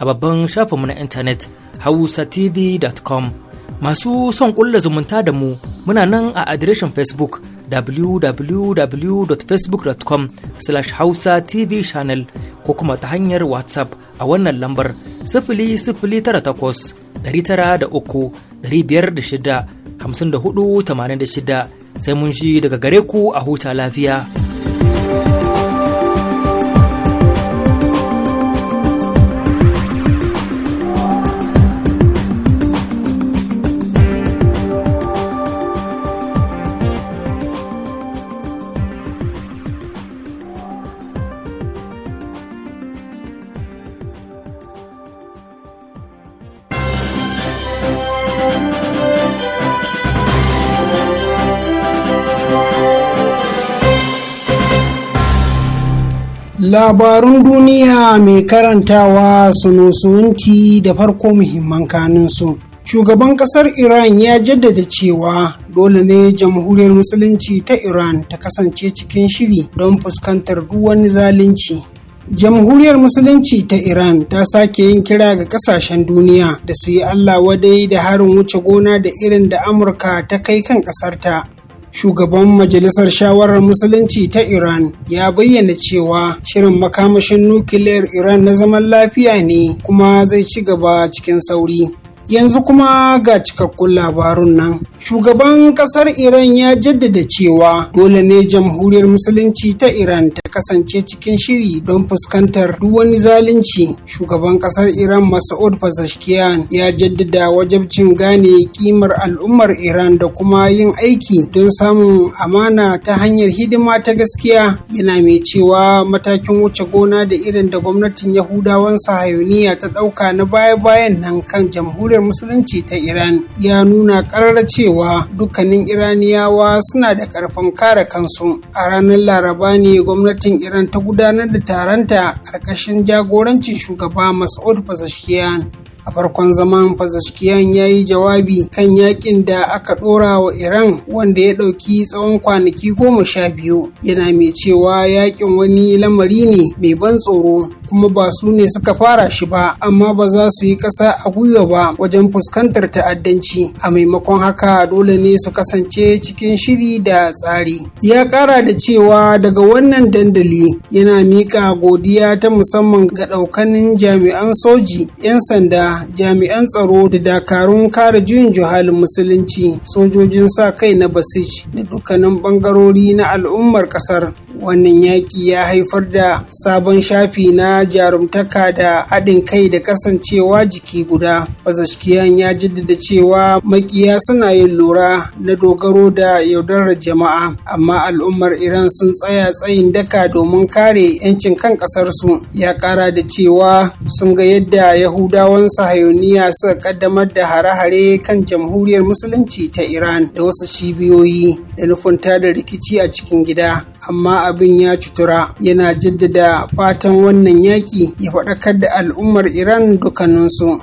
a babban shafinmu na intanet hausatv.com masu son ƙulla zumunta da mu muna nan a adireshin facebook www.facebook.com slash hausa tv channel ko kuma ta hanyar whatsapp a wannan lambar sifili sifili da takwas tara uku biyar shida hamsin sai mun shi daga gare ku a huta lafiya. Labarun duniya mai karantawa sunusunki da farko muhimman kaninsu. Shugaban ƙasar Iran ya jaddada cewa dole ne jamhuriyar musulunci ta Iran ta kasance cikin shiri don fuskantar duk wani zalunci. Jamhuriyar Musulunci ta Iran ta sake yin kira ga ƙasashen duniya da su yi Allah wadai da harin wuce gona da irin da Amurka ta kai kan ƙasarta shugaban majalisar shawarar musulunci ta iran ya bayyana cewa shirin makamashin nukiliyar iran na zaman lafiya ne kuma zai ci gaba cikin sauri Yanzu kuma ga cikakkun labarun nan. Shugaban kasar Iran ya jaddada cewa dole ne jamhuriyar musulunci ta Iran ta kasance cikin shiri don fuskantar duk wani zalunci. Shugaban kasar Iran Masoud Pezeshkian ya jaddada wajabcin gane kimar al'ummar Iran da kuma yin aiki don samun amana ta hanyar hidima ta gaskiya yana mai cewa matakin wuce gona da irin da gwamnatin Yahudawan Sahayuniya ta ɗauka na baya-bayan nan kan jamhuriyar jamhuriyar musulunci ta iran ya nuna karar cewa dukkanin iraniyawa suna da karfin kare kansu a ranar laraba ne gwamnatin iran ta gudanar da taronta karkashin jagorancin shugaba mas'ud pezeshkian a farkon zaman fazaskiyan ya yi jawabi kan yakin da aka ɗora wa iran wanda ya ɗauki tsawon kwanaki goma sha biyu yana mai cewa yakin wani lamari ne mai ban tsoro kuma ba su ne suka fara shi ba amma ba za su yi ƙasa a gwiwa ba wajen fuskantar ta'addanci a maimakon haka dole ne su kasance cikin shiri da tsari ya ƙara da cewa daga wannan dandali yana miƙa godiya ta musamman ga ɗaukanin jami'an soji 'yan sanda jami'an tsaro da dakarun kare juyin juhalin musulunci sojojin sa kai na basij da dukkanin ɓangarori na al'ummar ƙasar wannan yaƙi ya haifar da sabon shafi na jarumtaka da haɗin kai da kasancewa jiki guda Pezeshkian ya jaddada cewa makiya suna yin lura na dogaro da yaudarar jama'a amma al'ummar iran sun tsaya tsayin daka domin kare 'yancin kan ƙasarsu ya ƙara da cewa sun ga yadda yahudawan sahayoniya suka ƙaddamar da hare-hare kan jamhuriyar musulunci ta iran da wasu cibiyoyi da nufin tada rikici a cikin gida amma abin ya cutura yana jaddada fatan wannan yaƙi ya faɗakar da al'ummar iran dukkaninsu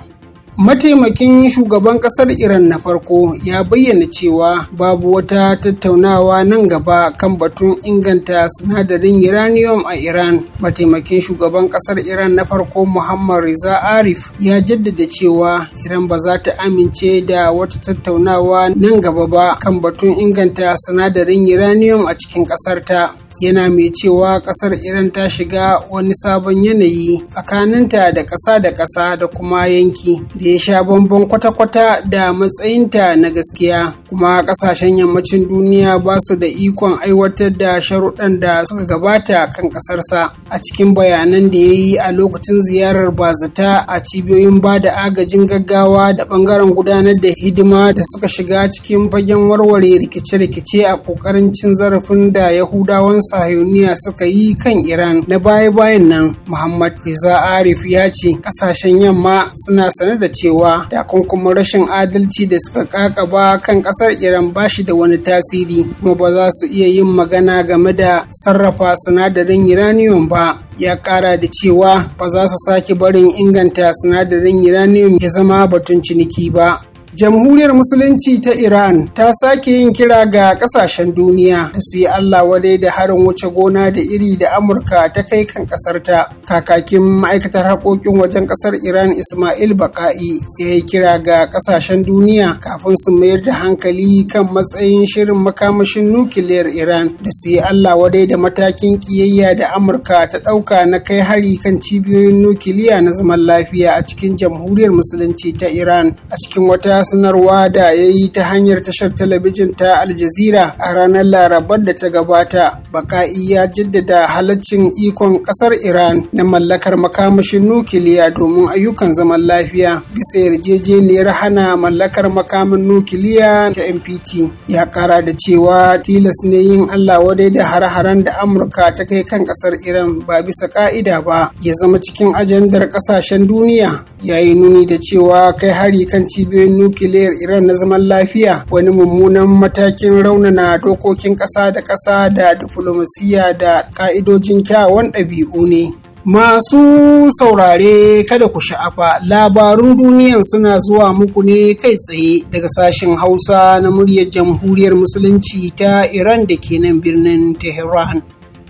Mataimakin shugaban kasar Iran na farko ya bayyana cewa babu wata tattaunawa nan gaba kan batun inganta sinadarin uranium a Iran. Mataimakin shugaban kasar Iran na farko Muhammad Riza Arif ya jaddada cewa Iran ba za ta amince da wata tattaunawa nan gaba ba kan batun inganta sinadarin uranium a cikin kasarta. yana mai cewa kasar iran ta shiga wani sabon yanayi tsakaninta da ƙasa da ƙasa da kuma yanki da ya sha bambam kwata-kwata da matsayinta na gaskiya kuma ƙasashen yammacin duniya ba su da ikon aiwatar da sharuɗan da suka gabata kan ƙasarsa a cikin bayanan da ya yi a lokacin ziyarar bazata a cibiyoyin ba da agajin gaggawa da ɓangaren gudanar da hidima da suka shiga cikin fagen warware rikice-rikice a ƙoƙarin cin zarafin da yahudawan sahiyoniya suka yi kan iran na baya-bayan nan muhammad iza arif ya ce kasashen yamma suna sane da cewa takunkumin rashin adalci da suka kakaba kan kasar iran ba shi da wani tasiri kuma ba za su iya yin magana game da sarrafa sinadarin uranium ba ya kara da cewa ba za su sake barin inganta sinadarin uranium ya zama batun ciniki ba jamhuriyar musulunci ta iran ta sake yin kira ga kasashen duniya da su yi allah wadai da harin wuce gona da iri da amurka ta kai kan kasarta kakakin ma'aikatar harkokin wajen kasar iran ismail baka'i ya yi kira ga kasashen duniya kafin su mayar da hankali kan matsayin shirin makamashin nukiliyar iran da su yi allah wadai da matakin ƙiyayya da amurka ta ɗauka na kai hari kan cibiyoyin nukiliya na zaman lafiya a cikin jamhuriyar musulunci ta iran a cikin wata sanarwa da ya yi ta hanyar tashar talabijin ta Al Jazeera a ranar Larabar da ta gabata, Baka'i ya jaddada halaccin ikon ƙasar Iran na mallakar makamashin nukiliya domin ayyukan zaman lafiya bisa yarjejeniyar hana mallakar makamin nukiliya ta NPT. Ya ƙara da cewa tilas ne yin Allah wadai da hare-haren da Amurka ta kai kan ƙasar Iran ba bisa ƙa'ida ba ya zama cikin ajandar ƙasashen duniya. Ya yi nuni da cewa kai hari kan cibiyoyin nukiliyar iran na zaman lafiya wani mummunan matakin raunana dokokin ƙasa da ƙasa da diflomasiya da ƙa'idojin kyawawan ɗabi'u ne Masu saurare kada ku sha'afa labarun duniyan suna zuwa muku ne kai tsaye daga sashen Hausa na muryar Jamhuriyar Musulunci ta Iran da ke nan birnin Tehran.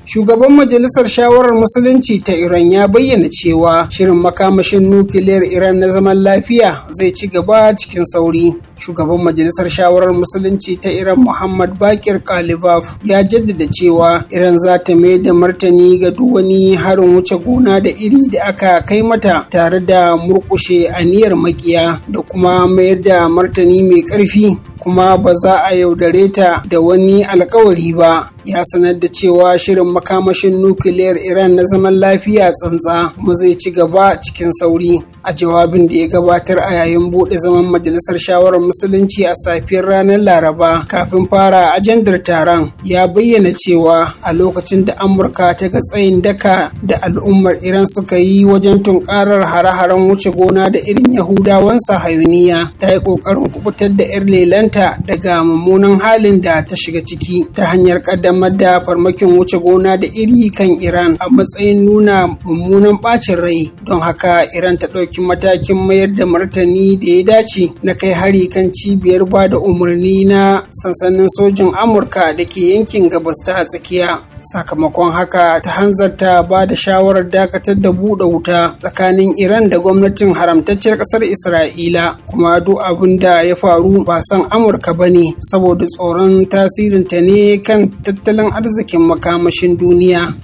shugaban majalisar shawarar musulunci ta iran ya bayyana cewa shirin makamashin nukiliyar iran na zaman lafiya zai ci gaba cikin sauri shugaban majalisar shawarar musulunci ta iran muhammad bakir kalibaf ya jaddada cewa iran za ta mai da martani ga duk wani harin wuce gona da iri da aka kai mata tare da murkushe aniyar makiya da kuma mayar da martani mai karfi kuma ba za a yaudare ta da wani alkawari ba ya sanar da cewa shirin makamashin nukiliyar iran na zaman lafiya tsantsa kuma zai ci gaba cikin sauri a jawabin da ya gabatar a yayin buɗe zaman majalisar shawarar musulunci a safiyar ranar laraba kafin fara ajandar taron ya bayyana cewa a lokacin da amurka ta ga tsayin daka da al'ummar iran suka yi wajen tunkarar hare-haren wuce gona da irin yahudawan sahayuniya ta yi ƙoƙarin kubutar da 'yar lelanta daga mummunan halin da ta shiga ciki ta hanyar ƙaddamar da farmakin wuce gona da iri kan iran a matsayin nuna mummunan ɓacin rai don haka iran ta ɗauki ɗauki matakin mayar da martani da ya dace na kai hari kan cibiyar ba da umarni na sansanin sojin amurka da ke yankin gabas ta tsakiya sakamakon haka ta hanzarta ba da shawarar dakatar da buɗe wuta tsakanin iran da gwamnatin haramtacciyar ƙasar isra'ila kuma duk abin da ya faru ba san amurka ba ne saboda tsoron tasirinta ne kan tattalin arzikin makamashin duniya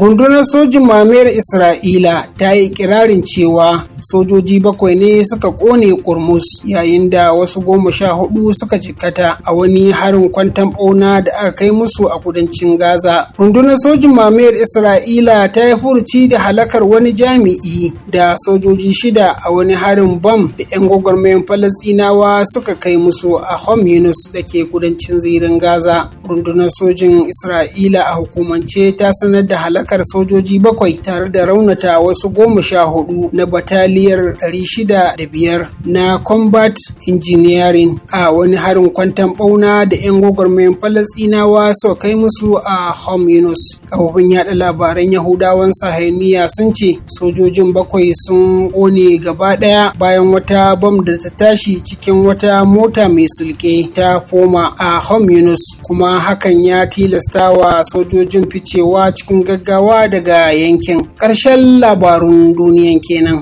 rundunar sojin mamayar isra'ila ta yi kirarin cewa sojoji bakwai ne suka kone kurmus yayin da wasu goma sha hudu suka jikkata a wani harin kwantan bauna da aka kai musu a kudancin gaza rundunar sojin mamayar isra'ila ta yi furuci da halakar wani jami'i da sojoji shida a wani harin bam da 'yan gwagwarmayan falastinawa suka kai musu a hom yunus da ke kudancin zirin gaza rundunar sojin isra'ila a hukumance ta sanar da halakar halakar sojoji bakwai tare da raunata wasu goma sha hudu na bataliyar shida da biyar na combat engineering a wani harin kwantan bauna da 'yan gwagwarmayan falasinawa sau kai musu a Hom Yunus. Kafofin yada labaran Yahudawan Sahaniya sun ce sojojin bakwai sun kone gaba ɗaya, bayan wata bam da ta tashi cikin wata mota mai sulke ta foma a Hom Yunus kuma hakan ya tilasta wa sojojin ficewa cikin gaggawa gaggawa daga yankin ƙarshen labarun duniyan kenan.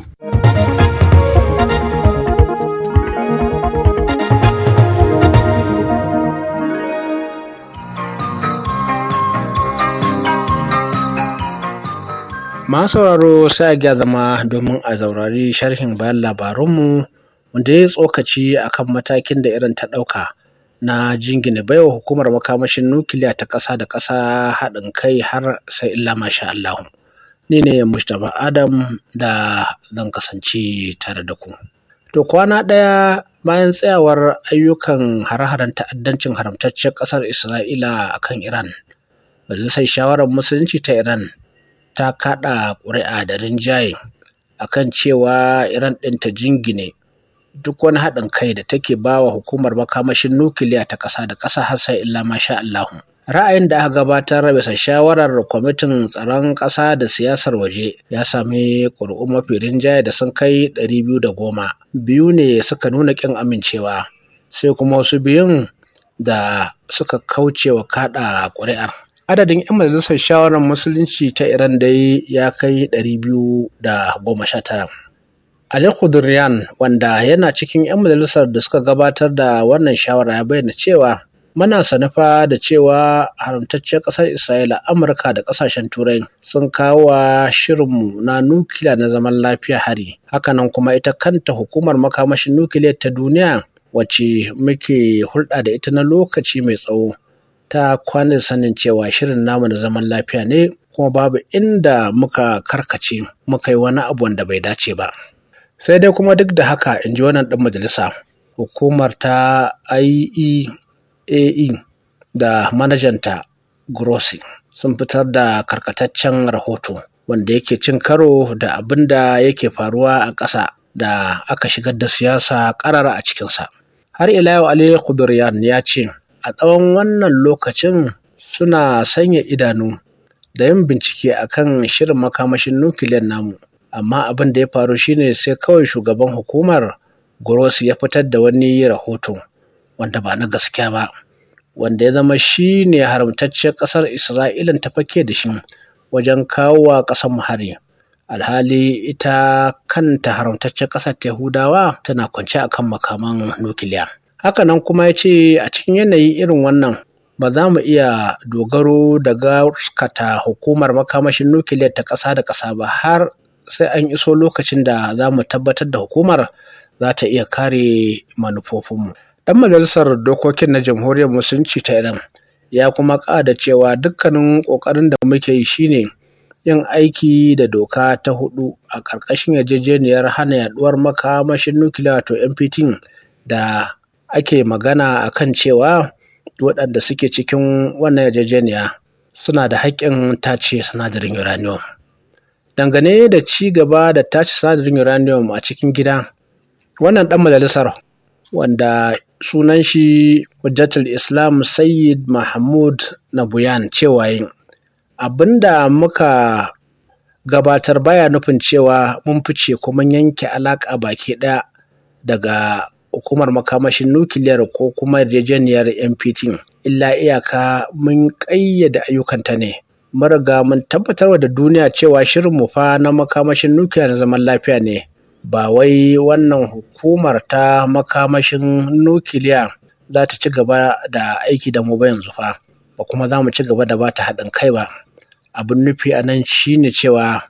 sauraro sai ga zama domin a zaurari sharhin bayan labarunmu wanda ya tsokaci akan matakin da irin ta ɗauka na jingina baiwa hukumar makamashin nukiliya ta ƙasa da ƙasa haɗin kai har sai illa masha Allah Ni ne Mustapha Adam da zan kasance tare da ku. To kwana ɗaya bayan tsayawar ayyukan hare-haren ta'addancin haramtaccen ƙasar Isra'ila a kan Iran, sai shawarar musulunci ta Iran ta kaɗa ƙuri'a da rinjaye akan cewa Iran ɗin ta jingine duk wani haɗin kai da take ba wa hukumar makamashin nukiliya ta ƙasa da ƙasa har sai illa masha Allahu. Ra'ayin da aka gabatar bisa shawarar kwamitin tsaron ƙasa da siyasar waje ya sami ƙuri'u mafi rinjaye da sun kai ɗari biyu da goma. Biyu ne suka nuna ƙin amincewa, sai kuma wasu biyun da suka kauce wa kaɗa ƙuri'ar. Adadin 'yan majalisar shawarar musulunci ta Iran dai ya kai ɗari biyu da goma sha tara. Ali wanda yana cikin 'yan majalisar da suka gabatar da wannan shawara ya bayyana cewa muna sanufa da cewa haramtacciyar ƙasar Isra'ila Amurka da ƙasashen Turai sun kawo wa shirinmu na nukiliya na zaman lafiya hari. Hakanan kuma ita kanta hukumar makamashin nukiliya ta duniya wacce muke hulɗa da ita na lokaci mai tsawo ta kwane sanin cewa shirin namu na zaman lafiya ne kuma babu inda muka karkace muka yi wani abu wanda bai dace ba. sai dai kuma duk da haka in ji wannan ɗan majalisa hukumar ta IEAE e da manajanta Grossi sun fitar da karkataccen rahoto wanda yake cin karo da abin da yake faruwa a ƙasa da aka shigar da siyasa ƙarara a cikinsa. Har ila yau Ali Kudurian ya ce, a tsawon wannan lokacin suna sanya idanu da yin bincike akan shirin makamashin nukiliyar namu amma abin da ya faru shine sai kawai shugaban hukumar Gross ya fitar da wani rahoto wanda ba na gaskiya ba wanda ya zama shi ne haramtaccen ƙasar isra'ila ta fake da shi wajen kawo wa ƙasar hari alhali ita kanta haramtaccen ƙasar yahudawa tana kwance akan makaman nukiliya hakanan kuma ya ce a cikin yanayi irin wannan ba za mu iya dogaro da gaskata hukumar makamashin nukiliyar ta ƙasa da ƙasa ba har sai an iso lokacin da za mu tabbatar da hukumar za ta iya kare manufofinmu. Ɗan majalisar dokokin na jamhuriyar musulunci ta Iran ya kuma ƙada cewa dukkanin ƙoƙarin da muke yi shine yin aiki da doka ta hudu a ƙarƙashin yarjejeniyar hana yaduwar makamashin nukiliya to NPT da ake magana a kan cewa waɗanda suke cikin wannan yarjejeniya suna da haƙƙin tace sinadarin uranium. dangane da ci gaba da tashi sadarin uranium a cikin gida wannan dan majalisar wanda sunan shi hujjatul islam sayyid mahmud na buyan cewa yin abinda muka gabatar baya nufin cewa mun fice kuma yanke alaƙa baki ɗaya daga hukumar makamashin nukiliyar ko kuma rejeniyar mpt illa iyaka mun ƙayyade ayyukanta ne mariga mun tabbatarwa da duniya cewa shirin mu fa na makamashin nukiliya na zaman lafiya ne ba wai wannan hukumar ta makamashin nukiliya za ta ci gaba da aiki da mu ba yanzu fa ba kuma za mu ci gaba da ba ta haɗin kai ba abin nufi a nan shine cewa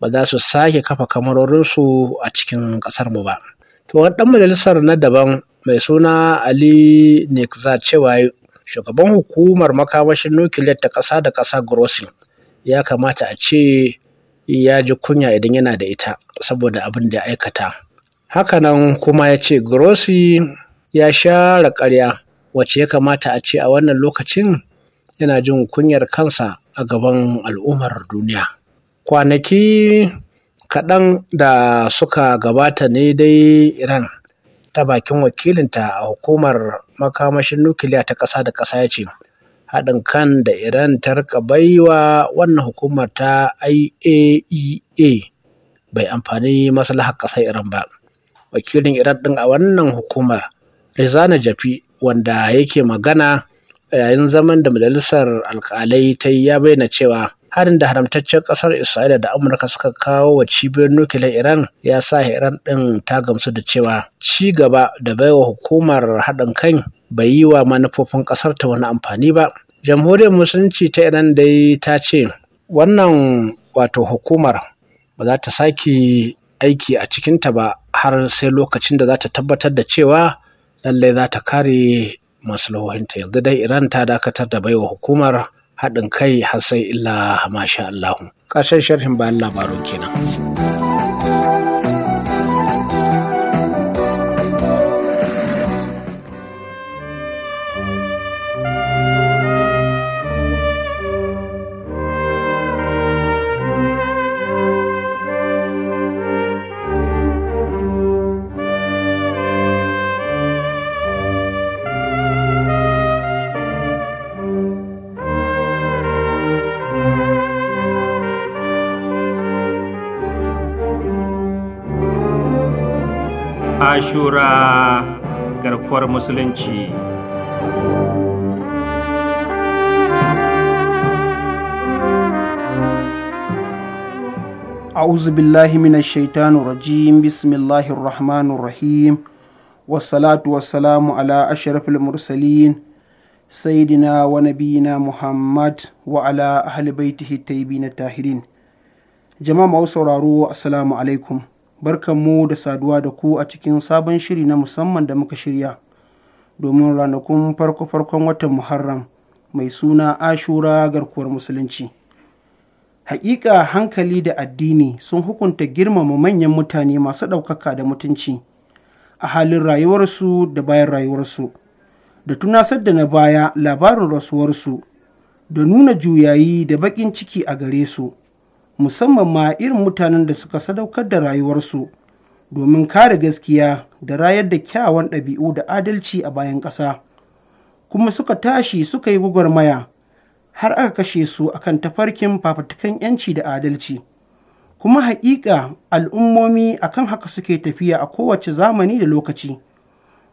ba za su sake kafa kamarorinsu a cikin ƙasar mu ba to wani ɗan majalisar na daban mai suna ali nekza cewa shugaban hukumar makamashin nukiliyar ta ƙasa da ƙasa grossing ya kamata a ce ya ji kunya idan yana da ita saboda abin da ya aikata hakanan kuma ya ce grossi ya share ƙarya wacce ya kamata a ce a wannan lokacin yana jin kunyar kansa a gaban al'ummar duniya kwanaki kaɗan da suka gabata ne dai iran ta bakin wakilinta a hukumar makamashin nukiliya ta ƙasa da ƙasa ya ce haɗin kan da iran ta rika baiwa wannan hukumar ta iaea e bai amfani maslahar ƙasar iran ba wakilin iran ɗin a wannan hukumar rizana jafi wanda yake magana yayin zaman da majalisar alkalai ta yi ya bayyana cewa harin da haramtaccen kasar isra'ila da amurka suka kawo wa cibiyar nukiliyar iran ya sa iran ɗin ta gamsu da cewa ci gaba da baiwa hukumar haɗin kan bai yi wa manufofin ƙasar ta wani amfani ba jamhuriyar musulunci ta iran dai ta ce wannan wato hukumar ba za ta sake aiki a cikinta ba har sai lokacin da za ta tabbatar da cewa lallai za ta kare masu lahohinta yanzu dai iran ta dakatar da baiwa hukumar haɗin kai har sai illa masha Allahu. Ƙasar sharhin bayan labaru kenan. ashura garkuwar musulunci A'uzubillahi billahi minash shaitani rajim bismillahir rahmanir rahim wasalatu wasalamu ala ashrafil mursalin sayidina wa nabiyina muhammad wa ala ahli baitihi na tahirin jama'a mau sauraro assalamu alaikum barkan mu da saduwa da ku a cikin sabon shiri na musamman da muka shirya domin ranakun farko-farkon watan Muharram mai suna Ashura garkuwar Musulunci. Hakika hankali da addini sun hukunta girmama manyan mutane masu ɗaukaka da mutunci a halin rayuwarsu da bayan rayuwarsu, da tunasar da na baya labarin rasuwarsu, da nuna juyayi da baƙin ciki a gare su. musamman ma irin mutanen da suka sadaukar da rayuwarsu domin kare gaskiya da rayar da kyawawan ɗabi'u da adalci a bayan ƙasa kuma suka tashi suka yi gwagwarmaya har aka kashe su akan tafarkin fafutukan 'yanci da adalci kuma haƙiƙa al'ummomi akan haka suke tafiya a kowace zamani da lokaci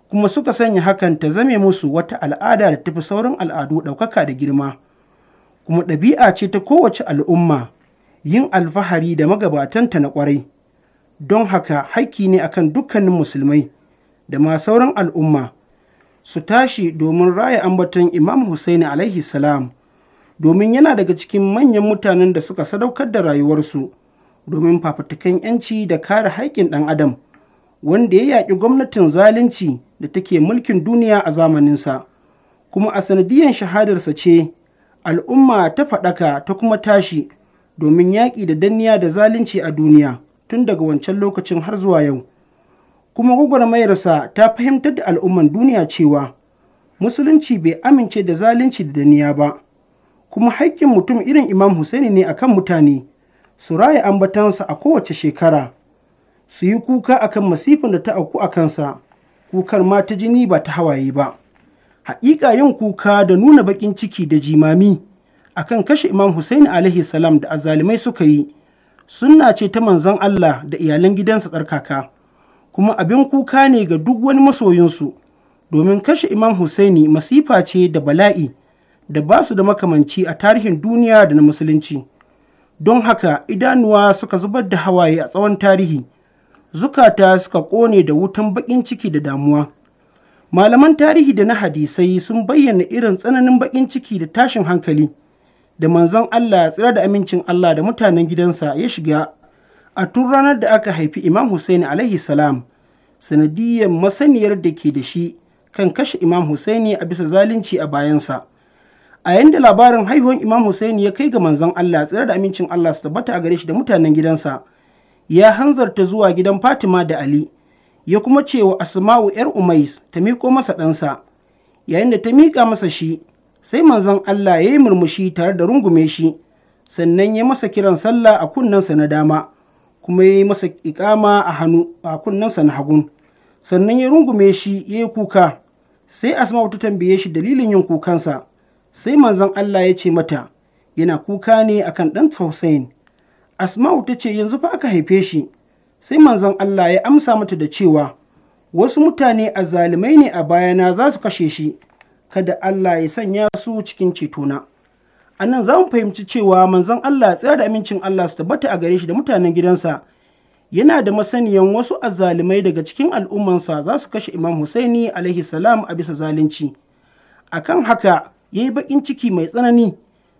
kuma suka sanya hakan ta zame musu wata al'ada da tafi saurin al'adu ɗaukaka da girma kuma ɗabi'a ce ta kowace al'umma yin alfahari da magabatanta na ƙwarai don haka haƙƙi ne akan dukkanin musulmai da ma sauran al'umma su tashi domin raya ambaton imam Hussaini alaihi salam domin yana daga cikin manyan mutanen da suka sadaukar da rayuwarsu domin fafutukan 'yanci da kare haƙƙin ɗan adam wanda ya yaƙi gwamnatin zalunci da take mulkin duniya a zamaninsa kuma a sanadiyan shahadarsa ce al'umma ta faɗaka ta kuma tashi domin yaƙi da danniya da zalunci a duniya tun daga wancan lokacin har zuwa yau kuma gwagwarmayarsa ta fahimtar da al'umman duniya cewa musulunci bai amince da zalunci da danniya ba kuma haƙƙin mutum irin imam Hussaini ne akan mutane su raya ambatansa a kowace shekara su yi kuka akan masifin da ta auku a kansa kukar ma ta jini ba ta hawaye ba haƙiƙa yin kuka da nuna baƙin ciki da jimami akan kashe Imam Hussein alaihi salam da azalimai suka yi suna ce ta manzon Allah da iyalan gidansa tsarkaka kuma abin kuka ne ga duk wani masoyinsu domin kashe Imam Husaini masifa ce da bala'i da ba su da makamanci a tarihin duniya da na musulunci don haka idanuwa suka zubar da hawaye a tsawon tarihi zukata suka kone da wutan baƙin ciki da damuwa malaman tarihi da na hadisai sun bayyana irin tsananin baƙin ciki da tashin hankali da manzon Allah tsira da amincin Allah da mutanen gidansa ya shiga a tun ranar da aka haifi Imam Hussein alaihi salam sanadiyar masaniyar da ke da shi kan kashe Imam Hussein a bisa zalunci a bayansa. A da labarin haihuwar Imam Hussein ya kai ga manzon Allah tsira da amincin Allah su tabbata a gare shi da mutanen gidansa ya hanzarta zuwa gidan Fatima da Ali ya kuma ce wa Asma'u ‘yar Umais ta miƙo masa ɗansa, yayin da ta miƙa masa shi sai manzon Allah ya yi murmushi tare da rungume shi sannan ya masa kiran sallah a kunnensa na dama kuma ya yi masa ikama a hannu a kunnensa na hagun sannan ya rungume shi ya yi kuka sai asma ta tambaye shi dalilin yin kukansa sai manzon Allah ya ce mata yana kuka ne akan ɗan Hussein Asma'u ta ce yanzu fa aka haife shi sai manzon Allah ya amsa mata da cewa wasu mutane azzalumai ne a bayana za su kashe shi kada Allah ya sanya su cikin cetona. A nan za mu fahimci cewa manzon Allah tsayar da amincin Allah su tabbata a gare shi da mutanen gidansa yana da masaniyan wasu azzalumai daga cikin al'ummansa za su kashe Imam Husaini alaihi salam a bisa zalunci. Akan haka ya yi baƙin ciki mai tsanani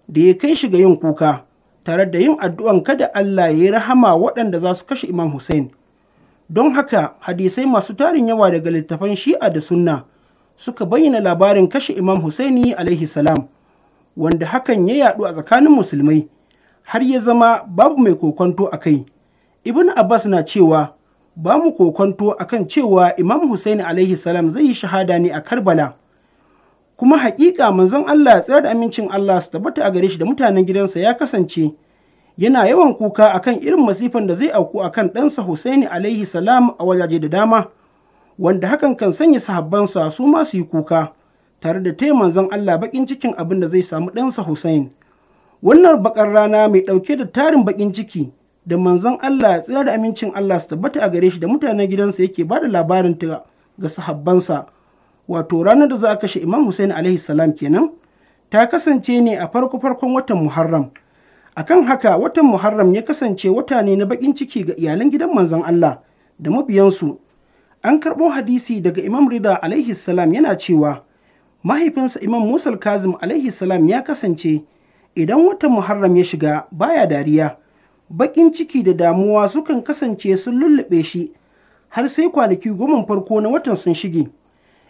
da ya kai shi ga yin kuka tare da yin addu'an kada Allah ya yi rahama waɗanda za su kashe Imam Hussein. Don haka hadisai masu tarin yawa daga littafan shi'a da sunna suka bayyana labarin kashe Imam Husaini alaihi salam wanda hakan ya yaɗu a tsakanin musulmai har ya zama babu mai kokonto a kai. Ibn Abbas na cewa ba mu kokonto a kan cewa Imam Husaini alaihi salam zai yi shahada ne a Karbala. Kuma haƙiƙa manzon Allah ya tsayar da amincin Allah su tabbata a gare shi da mutanen gidansa ya kasance yana yawan kuka akan irin masifan da zai auku akan ɗansa Husaini alaihi salam a wajaje da dama. wanda hakan kan sanya sahabbansa su ma su yi kuka tare da taya manzon Allah bakin cikin abin da zai samu ɗansa Hussein. Wannan bakar rana mai ɗauke da tarin bakin ciki da manzon Allah ya tsira da amincin Allah su tabbata a gare shi da mutanen gidansa yake ba da labarin ta ga sahabbansa. Wato ranar da za a kashe Imam Hussein alaihi salam kenan ta kasance ne a farko farkon watan Muharram. Akan haka watan Muharram ya kasance wata ne na bakin ciki ga iyalan gidan manzon Allah da mabiyansu an karɓo hadisi daga imam rida alaihi salam yana cewa mahaifinsa imam musal kazim alaihi salam ya kasance idan watan muharram ya shiga baya dariya baƙin ciki da damuwa sukan kasance sun lullube shi har sai kwanaki goma farko na watan sun shige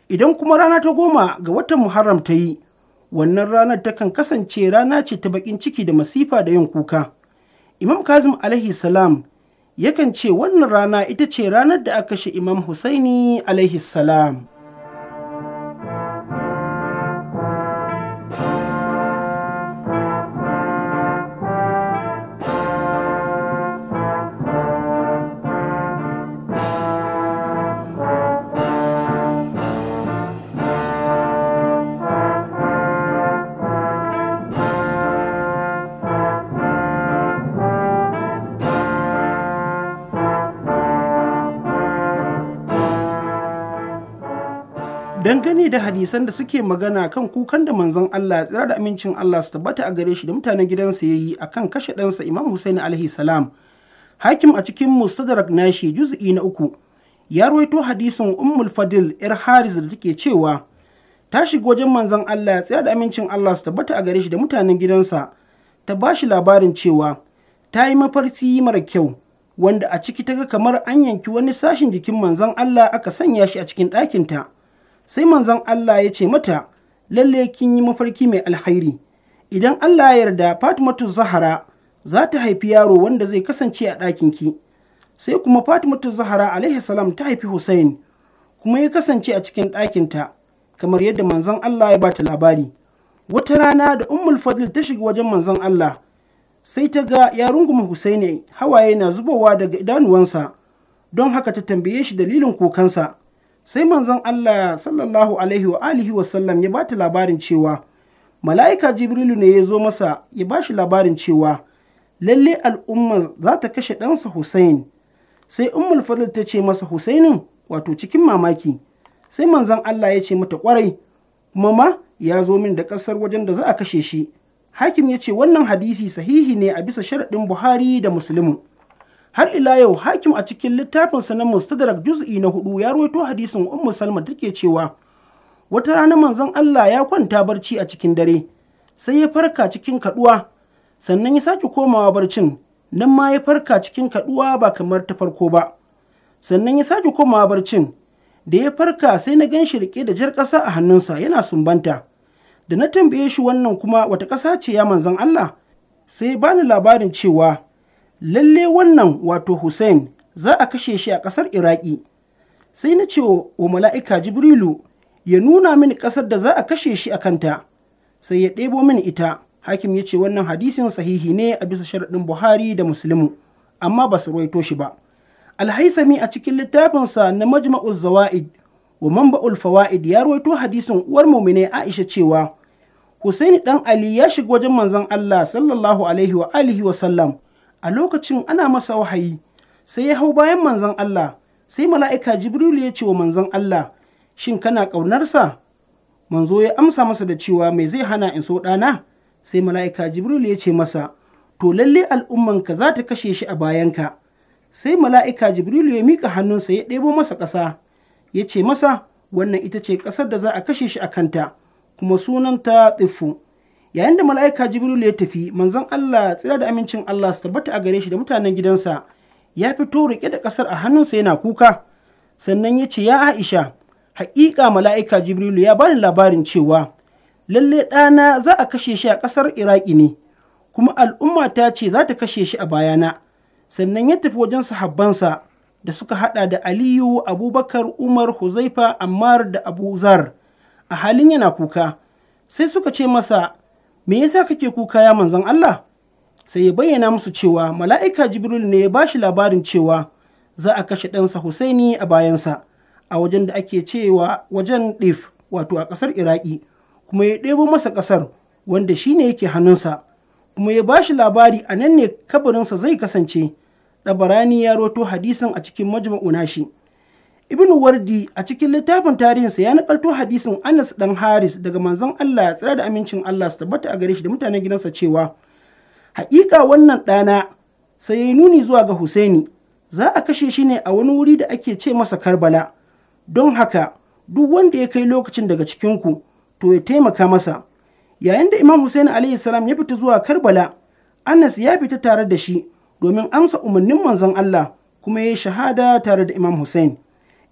idan kuma rana ta goma ga watan muharram ta yi wannan ranar takan kasance rana ce ta baƙin ciki da masifa da yin kuka imam kazim alaihi salam yakan ce wannan rana ita ce ranar da aka kashe Imam Husaini alaihi salam. dangane da hadisan da suke magana kan kukan da manzon Allah tsira da amincin Allah su tabbata a gare shi da mutanen gidansa ya yi akan kashe ɗansa Imam Hussein alaihi salam hakim a cikin Mustadrak nashi juz'i na uku ya ruwaito hadisin Ummul Fadil yar Haris da take cewa ta shiga wajen manzon Allah tsira da amincin Allah su tabbata a gare shi da mutanen gidansa ta ba shi labarin cewa ta yi mafarki mara kyau wanda a ciki ta ga kamar an yanki wani sashin jikin manzon Allah aka sanya shi a cikin ɗakinta. ta sai manzon Allah ya ce mata lalle kin yi mafarki mai alkhairi idan Allah ya yarda Fatimatu Zahara za ta haifi yaro wanda zai kasance a ɗakin ki sai kuma Fatimatu Zahara alaihi salam ta haifi Hussein kuma ya kasance a cikin ɗakinta kamar yadda manzon Allah ya bata labari wata rana da Ummul Fadl ta shiga wajen manzon Allah sai ta ga ya runguma Hussein hawaye na zubowa daga idanuwansa don haka ta tambaye shi dalilin kokansa. sai manzon Allah sallallahu alaihi wa alihi wa sallam ya bata labarin cewa mala'ika Jibrilu ne ya zo masa ya bashi labarin cewa lalle al'umma za ta kashe ɗansa Hussein sai ummul fadl ta ce masa Husainin wato cikin mamaki sai manzon Allah ya ce mata kwarai kuma ma ya zo min da ƙasar wajen da za a kashe shi hakim ya ce wannan hadisi sahihi ne a bisa sharaɗin Buhari da Musulmi har ila yau hakim a cikin littafinsa na mustadrak juz'i na hudu ya ruwaito hadisin ummu salma take cewa wata rana manzon Allah ya kwanta barci a cikin dare sai ya farka cikin kaduwa sannan ya sake komawa barcin nan ma ya farka cikin kaduwa ba kamar ta farko ba sannan ya sake komawa barcin da ya farka sai na ganshi rike da jar ƙasa a hannunsa yana sumbanta da na tambaye shi wannan kuma wata ƙasa ce ya manzon Allah sai bani labarin cewa lalle wannan wato Hussein za a kashe shi a ƙasar Iraki. Sai na ce wa mala'ika Jibrilu ya nuna mini ƙasar da za a kashe shi a kanta, sai ya ɗebo mini ita. Hakim ya ce wannan hadisin sahihi ne a bisa sharaɗin Buhari da Musulmu, amma ba su roito shi ba. Alhaisami a cikin littafinsa na Majma'ul Zawa'id wa Manba'ul Fawa'id ya roito hadisin uwar mumine Aisha cewa Husaini ɗan Ali ya shiga wajen manzon Allah sallallahu alaihi wa alihi wa sallam a lokacin ana masa wahayi sai ya hau bayan manzon Allah sai mala'ika Jibrilu ya ce wa manzon Allah shin kana ƙaunarsa manzo ya amsa masa da cewa mai zai hana in so ɗana sai mala'ika Jibrilu ya ce masa to lalle al'ummanka za ta kashe shi a bayanka sai mala'ika Jibrilu ya miƙa hannunsa ya ɗebo masa ƙasa ya ce masa wannan ita ce ƙasar da za a kashe shi a kanta kuma sunanta tsiffu yayin da mala'ika jibrilu ya tafi manzon Allah tsira da amincin Allah su tabbata a gare shi da mutanen gidansa ya fito rike da ƙasar a hannunsa yana kuka sannan ya ce ya Aisha haƙiƙa mala'ika jibrilu ya bani labarin cewa lalle ɗana za a kashe shi a ƙasar Iraki ne kuma al'umma ta ce za ta kashe shi a bayana sannan ya tafi wajen sahabbansa da suka haɗa da Aliyu Abubakar Umar Huzaifa Ammar da Abu Zar a halin yana kuka sai suka ce masa me yasa kake kuka ya manzon Allah sai ya bayyana musu cewa mala'ika jibril ne ya bashi labarin cewa za a kashe ɗansa husaini a bayansa a wajen da ake cewa wajen ɗef, wato a ƙasar iraki kuma ya ɗebo masa ƙasar wanda shi ne yake hannunsa kuma ya bashi labari a nan ne kabarinsa zai kasance ɗabarani ya roto hadisin a cikin majma'una shi Ibn Wardi a cikin littafin tarihinsa ya nakalto hadisin Anas dan Haris daga manzon Allah ya tsira da amincin Allah su tabbata a gare shi da mutanen gidansa cewa haƙiƙa wannan ɗana sai ya nuni zuwa ga Husaini za a kashe shi ne a wani wuri da ake ce masa Karbala don haka duk wanda ya kai lokacin daga cikin ku to ya taimaka masa yayin da Imam Husaini alaihi salam ya fita zuwa Karbala Anas ya fita tare da shi domin amsa umarnin manzon Allah kuma ya yi shahada tare da Imam Husaini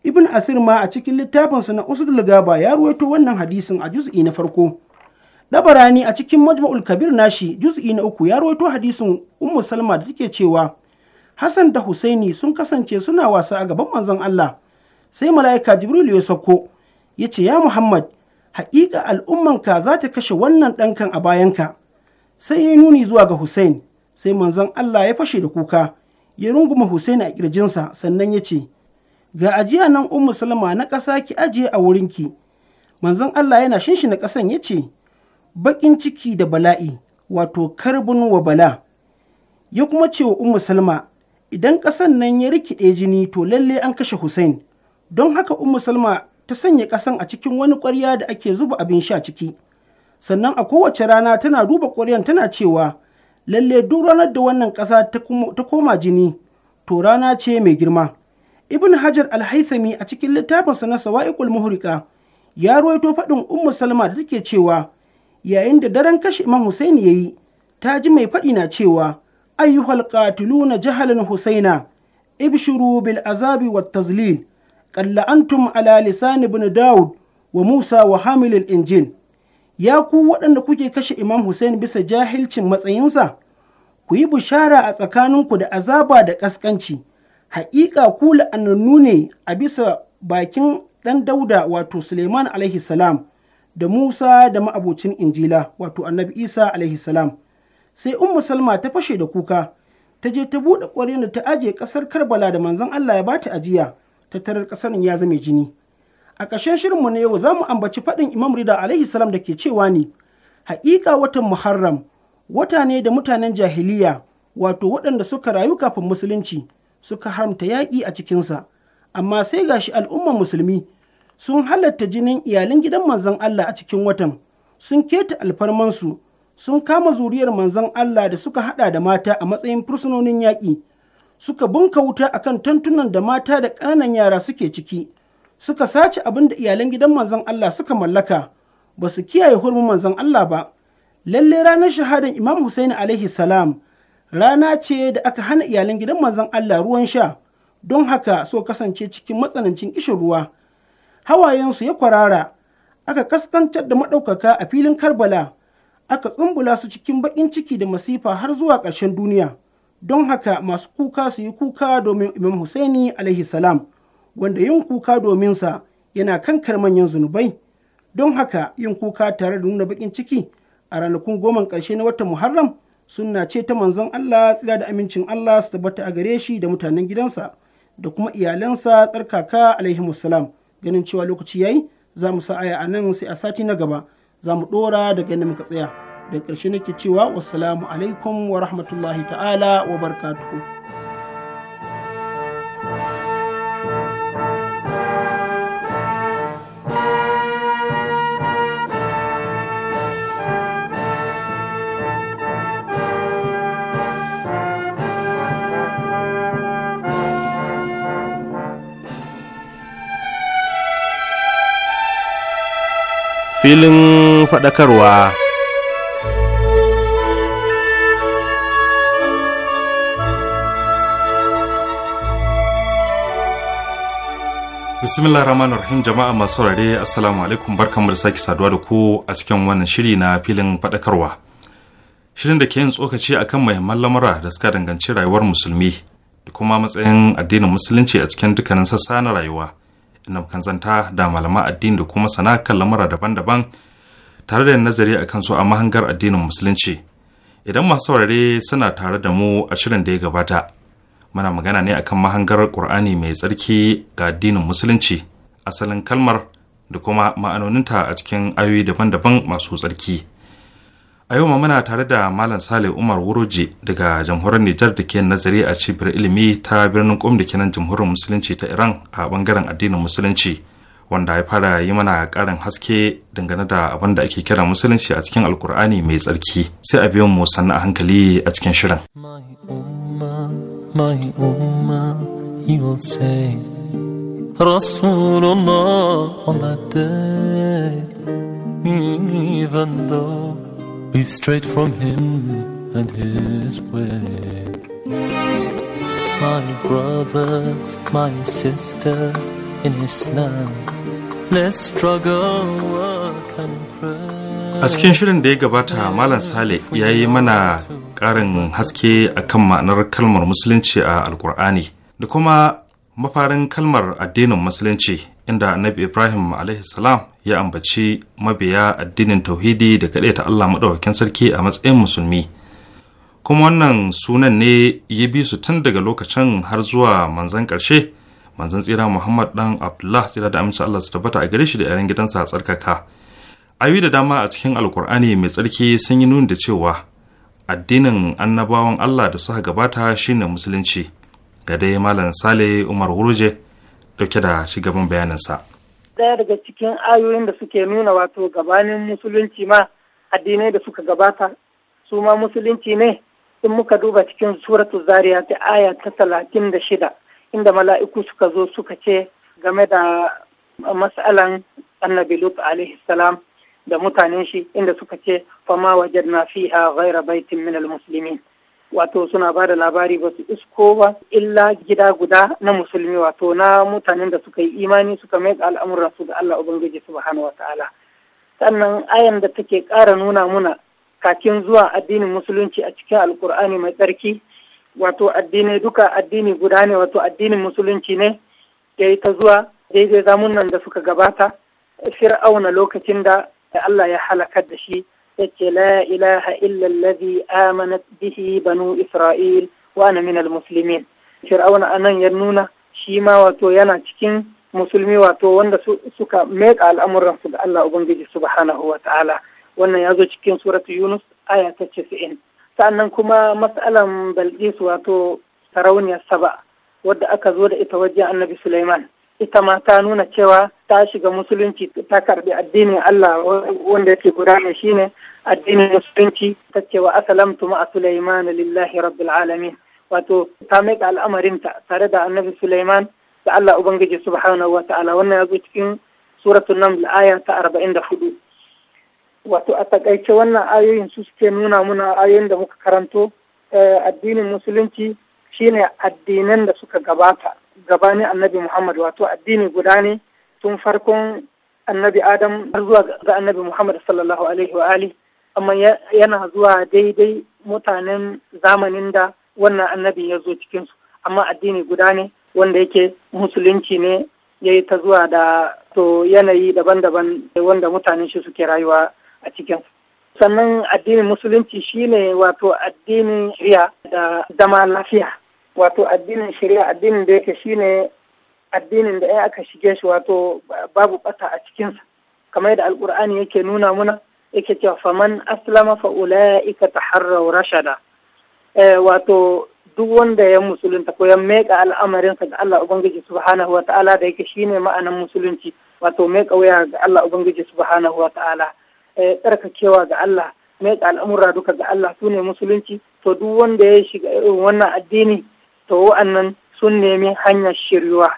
ibn asir ma a cikin littafinsa na usdul gaba ya ruwaito wannan hadisin a juz'i na farko dabarani a cikin majma'ul kabir nashi juz'i na uku ya ruwaito hadisin ummu salma da take cewa hassan da husaini sun kasance suna wasa a gaban manzon allah sai mala'ika jibril ya sauko ya ce ya muhammad haƙiƙa al'ummanka za ta kashe wannan ɗankan a bayanka sai ya nuni zuwa ga Husaini, sai manzon allah ya fashe da kuka ya runguma Husaini a ƙirjinsa sannan ya ce ga ajiya nan ummu salma na ƙasa ki ajiye a wurinki manzon Allah yana shinshina ƙasan ya ce baƙin ciki da bala'i wato karbin wa bala ya kuma ce wa ummu salma idan ƙasan nan ya rikide jini to lalle an kashe Hussein don haka ummu salma ta sanya ƙasan a cikin wani ƙwarya da ake zuba abin sha ciki sannan a kowace rana tana duba ƙwaryan tana cewa lalle duk ranar da wannan ƙasa ta koma jini to rana ce mai girma ibn hajar alhaisami a cikin littafinsa na sawa'iqul muhrika ya ruwaito faɗin ummu salma da take cewa yayin da daren kashe imam husaini yayi ta ji mai faɗi na cewa ayyuhal qatiluna jahalan husaina ibshuru bil azabi wat tazlil qalla antum ala lisan ibn daud wa musa wa al injil ya ku waɗanda kuke kashe imam husain bisa jahilcin matsayinsa ku yi bushara a tsakaninku da azaba da ƙasƙanci haƙiƙa ku la'anannu ne a bisa bakin ɗan dauda wato suleiman alaihi salam da musa da ma'abocin injila wato annabi isa alaihi salam sai ummu salma ta fashe da kuka ta je ta buɗe ƙwarin da ta aje ƙasar karbala da manzon allah ya bata ajiya ta tarar ƙasar ya zama jini a ƙarshen shirinmu na yau za mu ambaci faɗin imam rida alaihi salam da ke cewa ne haƙiƙa watan muharram wata ne da mutanen jahiliya wato waɗanda suka rayu kafin musulunci suka haramta yaƙi a cikinsa amma sai gashi al'umman musulmi sun halatta jinin iyalin gidan manzon Allah a cikin watan sun keta alfarmansu sun kama zuriyar manzon Allah da suka haɗa da mata a matsayin fursunonin yaƙi suka bunka wuta a kan tantunan da mata da ƙananan yara suke ciki suka sace abin da iyalan gidan manzon Allah suka mallaka ba su kiyaye hurmin manzon Allah ba lalle ranar shahadan Imam Hussein alaihi salam rana ce da aka hana iyalin gidan manzon Allah ruwan sha don haka so kasance cikin matsanancin ishin ruwa hawayensu ya kwarara aka kaskantar da maɗaukaka a filin karbala aka tsumbula su cikin baƙin ciki da masifa har zuwa ƙarshen duniya don haka masu kuka su yi kuka domin imam husaini alaihi salam wanda yin kuka dominsa yana kankar manyan zunubai don haka yin kuka tare da nuna baƙin ciki a ranakun goma ƙarshe na watan muharram sunna ce ta manzon Allah tsira da amincin Allah su tabbata a gare shi da mutanen gidansa da kuma iyalansa tsarkaka alaihi musalam ganin cewa lokaci yayi za mu sa aya a nan sai a sati na gaba za mu dora da mu muka tsaya da ƙarshe nake cewa wassalamu alaikum wa rahmatullahi ta'ala wa barakatuhu filin faɗakarwa bismillah rahman rahim jama'a masu saurare assalamu alaikum barkanmu da sake saduwa da ku a cikin wannan shiri na filin faɗakarwa shirin da ke yin tsokaci akan mahimman lamura da suka danganci rayuwar musulmi da kuma matsayin addinin musulunci a cikin dukkanin sassa na rayuwa inda da malaman addini da kuma sana kan lamura daban-daban tare da nazari a kansu a mahangar addinin musulunci idan masu saurare suna tare da mu a shirin da ya gabata muna magana ne akan mahangar ƙur'ani mai tsarki ga addinin musulunci asalin kalmar da kuma ma'anoninta a cikin ayoyi daban-daban masu tsarki a yau muna tare da malam sale umar wuroji daga jamhuriyar nijar da ke nazari a cibiyar ilimi ta birnin kom da ke nan jamhuriyar musulunci ta iran a bangaren addinin musulunci wanda ya fara yi mana karin haske dangane da abin da ake kira musulunci a cikin alkur'ani mai tsarki sai a biyan mu sannan hankali a cikin shirin Rasulullah We've strayed from Him and His way. My brothers, my sisters, in His name, let's struggle, work and pray. A cikin shirin da ya gabata Malam Sale ya yi mana ƙarin haske akan ma'anar kalmar Musulunci a Alƙur'ani da kuma mafarin kalmar addinin Musulunci inda annabi ibrahim salam ya ambaci mabiya addinin tauhidi da kaɗai ta allah maɗaukakin sarki a matsayin musulmi kuma wannan sunan ne ya bi su tun daga lokacin har zuwa Manzon ƙarshe Manzon tsira muhammad dan abdullah tsira da amince allah su tabbata a gare shi da yaren gidansa a tsarkaka ayoyi da dama a cikin alkur'ani mai tsarki sun yi nuni da cewa addinin annabawan allah da suka gabata shine musulunci ga dai malam sale umar wurje dauke da shugaban bayaninsa. Daya daga cikin ayoyin da suke nuna wato gabanin musulunci ma addinai da suka gabata su ma musulunci ne in muka duba cikin suratu zariya ta aya ta talatin da shida inda mala'iku suka zo suka ce game da matsalan annabi lut alaihi salam da mutanen shi inda suka ce fama wajen na fiha ghaira baitin minal musulmin wato suna ba da labari ba su isko ba illa gida guda na musulmi wato na mutanen da suka yi imani suka mai al'amuran su ga Allah ubangiji subhanahu wa ta'ala sannan ayan da take ƙara nuna muna kakin zuwa addinin musulunci a cikin alkur'ani mai tsarki wato addini duka addini guda ne wato addinin musulunci ne ya yi ta zuwa daidai zamunan da suka gabata fir'auna lokacin da Allah ya halakar da shi yace la ilaha illa allazi amanat bihi banu isra'il wa ana min almuslimin fir'auna anan ya nuna shi ma wato yana cikin musulmi wato wanda suka meka al'amuran su ga Allah ubangiji subhanahu wa ta'ala wannan ya zo cikin suratu yunus aya ta 90 sannan kuma mas'alan balqis wato sarauniyar saba wadda aka zo da ita wajen annabi Suleiman. ita ma ta nuna cewa ta shiga musulunci ta karbi addinin Allah wanda yake gudana shine addinin musulunci ta ce cewa asalamtu a Sulaiman lillahi rabbil alamin wato ta mai al'amarinta tare da annabi Sulaiman da Allah ubangiji subhanahu wa ta'ala wannan ya zo cikin suratul naml aya ta arba'in da hudu wato a takaice wannan ayoyin su suke nuna muna ayoyin da muka karanto eh, addinin musulunci shine addinan da suka gabata gabanin annabi Muhammad wato addini guda ne tun farkon annabi Adam har zuwa ga annabi Muhammad sallallahu alaihi wa ali amma yana zuwa daidai mutanen zamanin da wannan annabi ya zo cikinsu amma addini guda ne wanda yake musulunci ne ya yi ta zuwa da to yanayi daban-daban wanda mutanen shi suke rayuwa a cikinsu sannan addinin musulunci shine wato addinin riya da zama lafiya wato addinin shari'a addinin da yake shine addinin da ya aka shige shi wato babu bata a cikinsa kamar yadda alkur'ani yake nuna muna yake cewa faman aslama fa ulaika taharraw rashada eh wato duk wanda ya musulunta ko ya meka al'amarinsa ga Allah ubangiji subhanahu wa ta'ala da yake shine ma'anan musulunci wato meka waya ga Allah ubangiji subhanahu wa ta'ala eh tsarkakewa ga Allah meka al'amura duka ga Allah sune musulunci to duk wanda ya shiga irin wannan addini to wa'annan sun nemi hanyar shiryuwa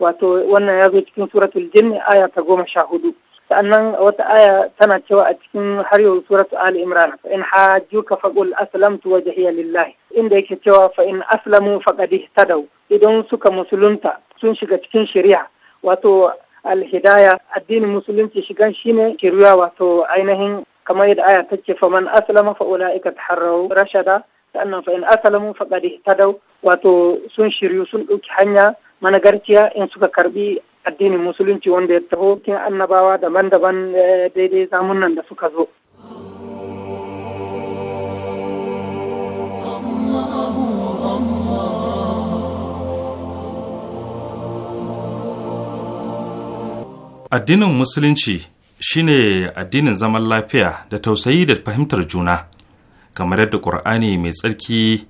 wato wannan ya zo cikin suratul jin aya ta goma sha hudu sa'annan wata aya tana cewa a cikin har yau suratul ali imran fa in hajjuka faqul aslamtu wajhiya lillahi inda yake cewa fa in aslamu faqad ihtadaw idan suka musulunta sun shiga cikin shari'a wato alhidaya addinin musulunci shigan shine shiryuwa wato ainihin kamar yadda aya ta ce faman aslama fa ulaika taharraw rashada sannan fa in asalamu faqad dau wato sun shiryu sun ɗauki hanya managarciya in suka karbi addinin musulunci wanda ya taho kin annabawa daban-daban eh, daidai nan da suka zo Addinin Musulunci shine addinin zaman lafiya da tausayi da fahimtar juna. kamar yadda ƙur'ani mai tsarki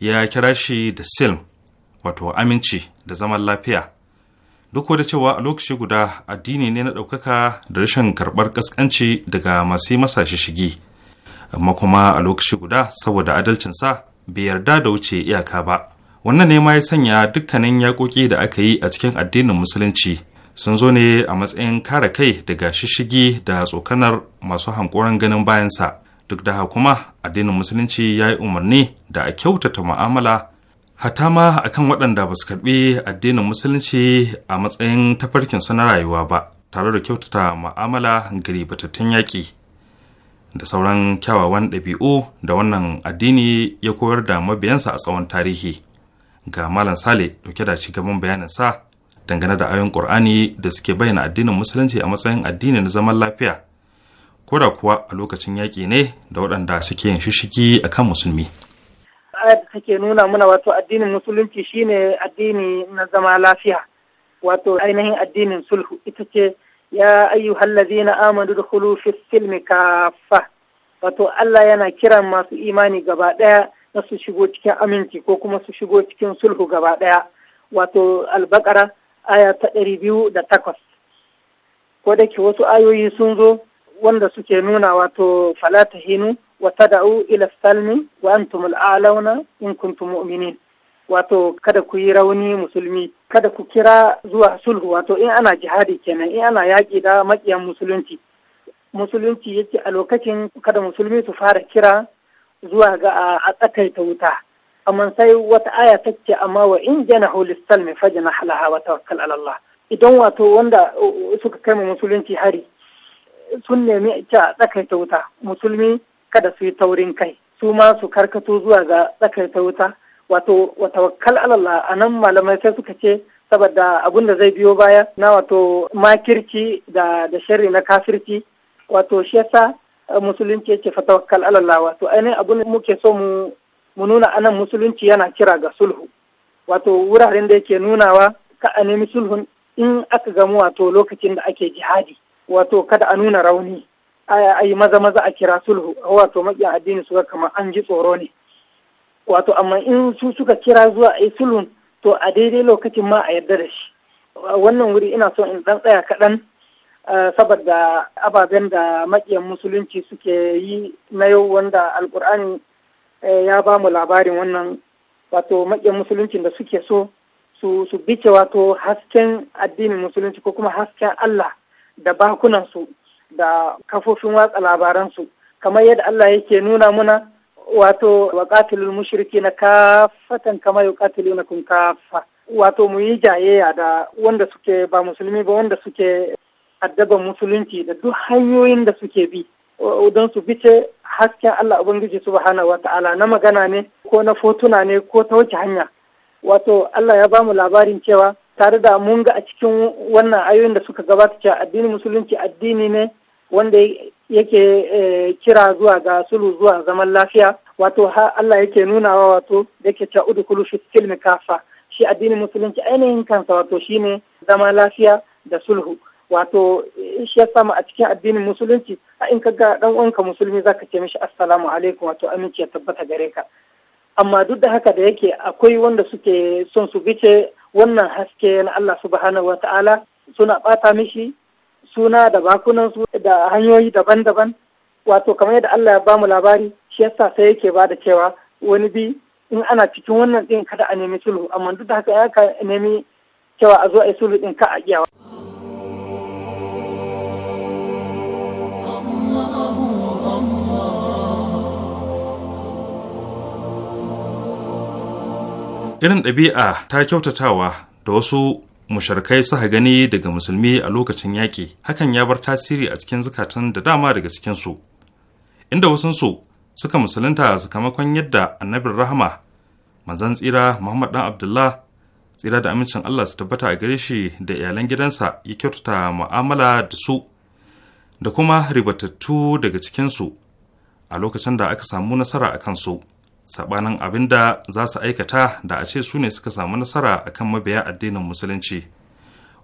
ya kira shi da silm wato aminci da zaman lafiya duk da cewa a lokaci guda addini ne na ɗaukaka da rashin karɓar ƙasƙanci daga masu masa shigi amma kuma a lokaci guda saboda adalcinsa bai yarda da wuce iyaka ba wannan ne ma ya sanya dukkanin yaƙoƙi da aka yi a cikin addinin musulunci sun zo ne a matsayin kare kai daga shishigi da tsokanar masu hankoron ganin bayansa duk da kuma addinin musulunci ya yi umarni da a kyautata mu'amala hata ma kan waɗanda ba su karɓi addinin musulunci a matsayin tafarkinsu na rayuwa ba tare da kyautata mu'amala gari batattun yaƙi da sauran kyawawan ɗabi'u da wannan addini ya koyar da mabiyansa a tsawon tarihi ga malam sale dauke da ci gaban bayanin sa dangane da ayon ƙur'ani da suke bayyana addinin musulunci a matsayin addini na zaman lafiya koda kuwa a lokacin yaƙi ne da waɗanda suke yin shishiki kan musulmi. ayar da take nuna mana wato addinin musulunci shine addini na zama lafiya wato ainihin addinin sulhu ita ce ya hallazi na amadu da fi silmi kafa wato Allah yana kiran masu imani gaba ɗaya na su shigo cikin aminci ko kuma su shigo cikin sulhu gaba ɗaya wato albakara aya ta ɗari biyu da takwas ko da ke wasu ayoyi sun zo wanda suke nuna wato falata hinu wa tada'u ila salmi wa antum al'alauna in kuntum mu'minin wato kada ku yi rauni musulmi kada ku kira zuwa sulhu wato in ana jihadi kenan in ana yaƙi da maƙiyan musulunci musulunci yake a lokacin kada musulmi su fara kira zuwa ga a tsakaita wuta amma sai wata aya take amma wa in jana lis-salmi fajina halaha wa tawakkal ala Allah idan wato wanda uh, suka kai musulunci hari sun nemi a tsakaita wuta musulmi kada su yi taurin kai su ma su karkato zuwa ga tsakaita wuta wato wakkal alallah a nan malamai sai suka ce saboda abin da zai biyo baya na wato makirci da da sharri na kafirci wato shi yasa eh, musulunci yake fatawakkal alallah wato ainihin abin muke so mu mu nuna anan musulunci yana kira ga sulhu wato wuraren da yake nunawa ka a nemi sulhun in aka gamu wato lokacin da ake jihadi wato kada a nuna rauni a yi maza maza a kira sulhu wato maƙiya addini suka kama an ji tsoro ne wato amma in su suka kira zuwa a yi sulhun to a daidai lokacin ma a yarda da shi wannan wuri ina so in ɗan tsaya kaɗan saboda ababen da maƙiyan musulunci suke yi na yau wanda alƙur'ani eh, ya ba mu labarin wannan wato maƙiyan musuluncin da suke so su bice wato hasken addinin musulunci ko kuma hasken Allah da bakunansu da kafofin watsa labaransu kamar yadda Allah yake nuna muna wato wa qatilul mushrikina kafatan na kun kafa wato mu yi jayayya da wanda suke ba musulmi ba wanda suke addaban musulunci da duk hanyoyin da suke bi don su bice hasken Allah Ubangiji subhanahu wa ta'ala na magana ne ko na fotuna ne ko ta wace hanya wato Allah ya bamu labarin cewa tare da mun ga a cikin wannan ayoyin da suka gabata cewa addini musulunci addini ne wanda yake eh, kira zuwa ga sulhu zuwa zaman lafiya wato ha Allah yake nunawa wato yake cewa udukulu fi silmi kafa shi addinin musulunci ainihin kansa wato shine zama lafiya da sulhu wato eh, shi ya samu a cikin addinin musulunci a in ka ga dan uwanka musulmi zaka ce mishi assalamu alaikum wato aminci ya tabbata gare ka amma duk da haka da yake akwai wanda suke son su bice wannan haske na Allah subhanahu wa ta'ala suna ɓata mishi suna da bakunan su da hanyoyi daban-daban wato kamar yadda Allah ya bamu labari shi yasa sai yake ba da cewa wani bi in ana cikin wannan din kada a nemi sulhu amma duk da haka ya ka nemi cewa a zo a yi sulhu din ka a iyawa. irin ɗabi'a ta kyautatawa da wasu musharkai suka gani daga musulmi a lokacin yaƙi hakan ya bar tasiri a cikin zukatan da dama daga cikin su inda wasunsu suka musulunta sakamakon yadda annabin rahama manzan tsira muhammad dan abdullah tsira da amincin allah su tabbata a gare shi da iyalan gidansa ya kyautata mu'amala da su da kuma ribatattu daga cikinsu a lokacin da aka samu nasara a kansu sabanin abin da za su aikata da a ce su ne suka samu nasara a kan mabiya addinin musulunci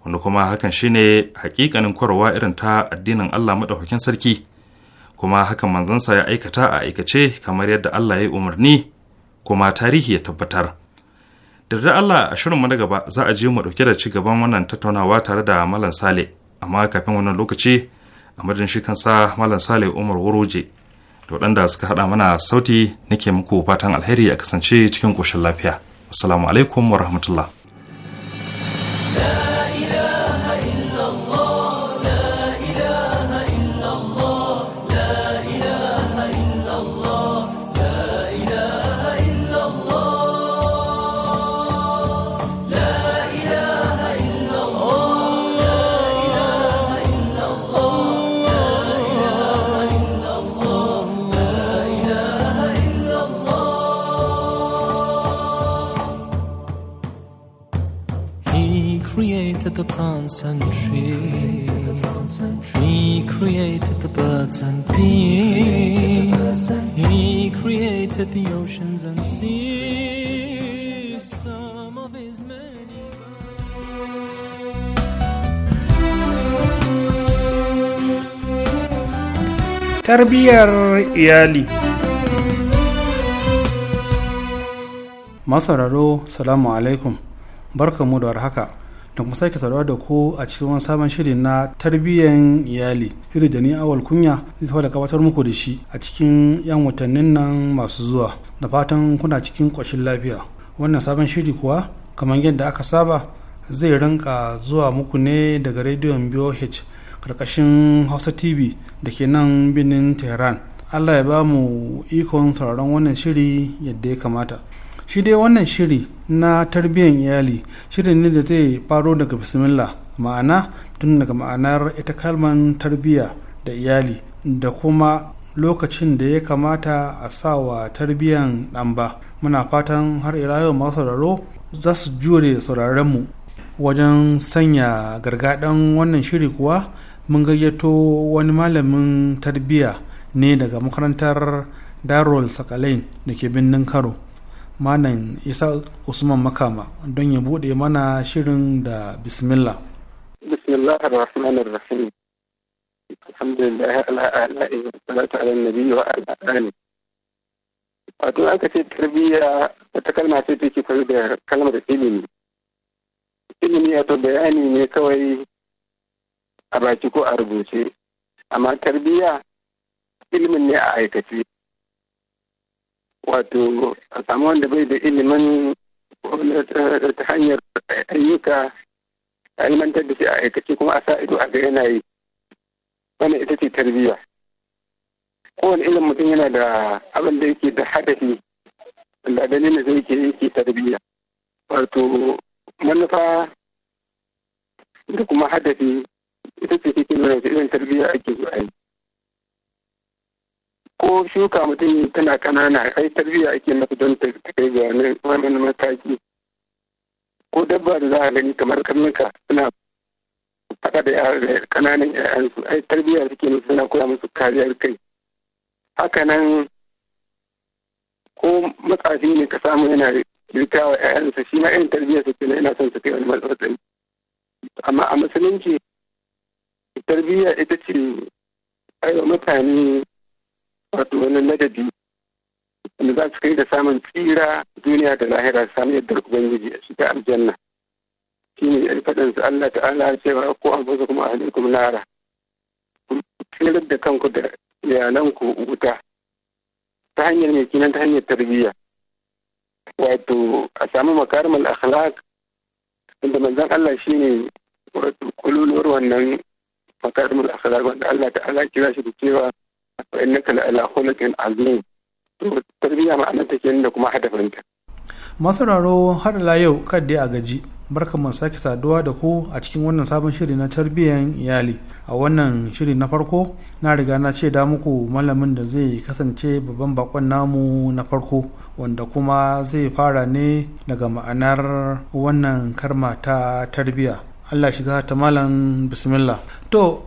wani kuma hakan shine hakikanin kwarwa irin ta addinin Allah maɗaukakin sarki kuma hakan manzansa ya aikata a aikace kamar yadda Allah ya yi umarni kuma tarihi ya tabbatar da Allah a shirin na gaba za a je mu ɗauke da ci gaban wannan tattaunawa tare da Malam Sale amma kafin wannan lokaci a madadin shi kansa Malam Sale Umar Woroje waɗanda suka haɗa mana sauti nake muku fatan alheri a kasance cikin ƙoshin lafiya. Assalamu alaikum wa rahmatullah. the plants and trees. He created the birds and bees. He created the oceans and seas. Some of his many. Tarbiyyar iyali. Masararo, salamu alaikum. barkanmu da warhaka da kuma sake saurawa da ku a cikin wani sabon shiri na tarbiyyar iyali shiri da ni awal kunya zai saboda da gabatar muku da shi a cikin yan watannin nan masu zuwa da fatan kuna cikin ƙoshin lafiya wannan sabon shiri kuwa kamar yadda aka saba zai rinka zuwa muku ne daga rediyon boh karkashin hausa tv da ke nan birnin tehran allah ya ba mu ikon sauraron wannan shiri yadda ya kamata shi dai wannan shiri na tarbiyyar iyali shiri ne da zai faro daga bismillah ma'ana tun daga ma'anar ita kalman tarbiyya da iyali da kuma lokacin da ya kamata a sa wa tarbiyyar ɗan ba muna fatan har ila yau masu sauraro za su jure sauraronmu wajen sanya gargaɗan wannan shiri kuwa mun gayyato wani malamin tarbiyya ne daga makarantar darul sakalain da ke birnin karo manan isa usman makama don ya bude mana shirin da bismillah bismillah ar-rahman ar-rahim alhamdulillah ala salatu ala nabi wa ala ali wato aka ce tarbiyya wata kalma ce take koyi da kalmar ilimi ilimi wato bayani ne kawai a baki ko a rubuce amma tarbiyya ilimin ne a aikace wato a samu wanda bai da ilimin eh, ta hanyar ayyuka a ilimantar da shi a aikace kuma a sa ido a ga yana yi wannan ita ce tarbiyya kowane ilin mutum yana da abin da yake da hadafi da ganin da zai ke yake tarbiyya wato manufa da kuma hadafi ita ce take nuna irin tarbiyya ake zuwa yi ko shuka mutum tana kanana ai tarbiyya ake mata don ta kai ga wani mataki ko dabba da za a gani kamar karnuka suna faɗa da kananan yayansu ai tarbiyya suke musu suna koya musu kariyar kai haka nan ko matsafi ne ka samu yana rika wa yayansa shi ma irin tarbiyya suke na yana son su kai wani matsatsin amma a musulunci tarbiyya ita ce aiwa mutane wato wani ladabi. wanda za su kai da samun tsira duniya da lahira su samu yadda ubangiji a shiga aljanna shine yan faɗin su Allah ta'ala cewa ko an fasa kuma alaikum nara tsirar da kanku da iyalanku wuta ta hanyar mai kinan ta hanyar tarbiyya wato a samu makarimar akhlaq inda manzan Allah shine wato kululuwar wannan makarimar akhlaq wanda Allah ta'ala kira shi da cewa masararo har la yau kad a gaji barka mu sake saduwa da ku a cikin wannan sabon shiri na tarbiyyar iyali a wannan shiri na farko na riga na ce da muku malamin da zai kasance babban bakon namu na farko wanda kuma zai fara ne daga ma'anar wannan karma ta tarbiyya Allah shiga ta malam bismillah to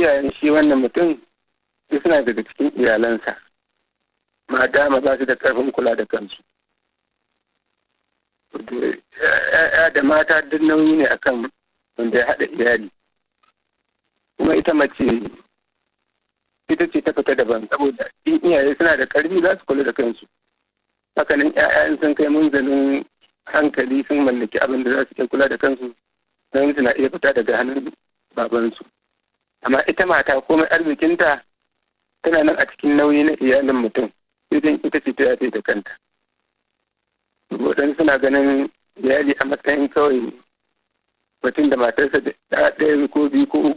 iyayen shi wannan mutum suna daga cikin iyalansa ma dama ba su da karfin kula da kansu ya da mata duk nauyi ne akan wanda ya haɗa iyali kuma ita mace ita ce ta fita daban saboda in iyaye suna da karfi za su kula da kansu hakanan 'ya'yan sun kai munzalin hankali sun mallaki abin da za su kula da kansu don na iya fita daga hannun babansu amma ita mata komai arzikinta tana nan a cikin nauyi na iyalin mutum idan ita ce ta yafe da kanta wadanda suna ganin iyali a matsayin kawai mutum da matarsa da ɗaya ko biyu ko uku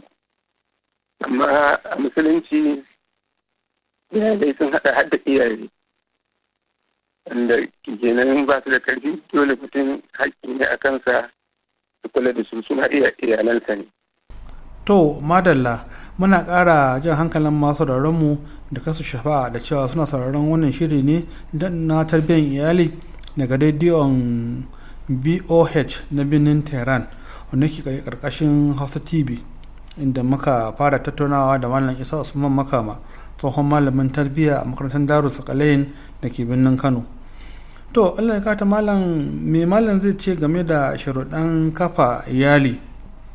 amma a musulunci iyalai sun haɗa har da iyaye wanda kenan ba su da ƙarfi dole mutum haƙƙi ne a kansa su kula da su suna iya iyalansa ne to madalla muna kara jan hankalin masu mu da kasu shafa'a da cewa suna sauraron wannan shiri ne na tarbiyyar iyali daga rediyon boh na birnin tehran wanda ke karkashin hausa tv inda muka fara tattaunawa da malam isa usman makama tsohon malamin tarbiyya a makarantar daru sakalayin da ke birnin kano to allah ya kata malam me malam zai ce game da sharuɗan kafa iyali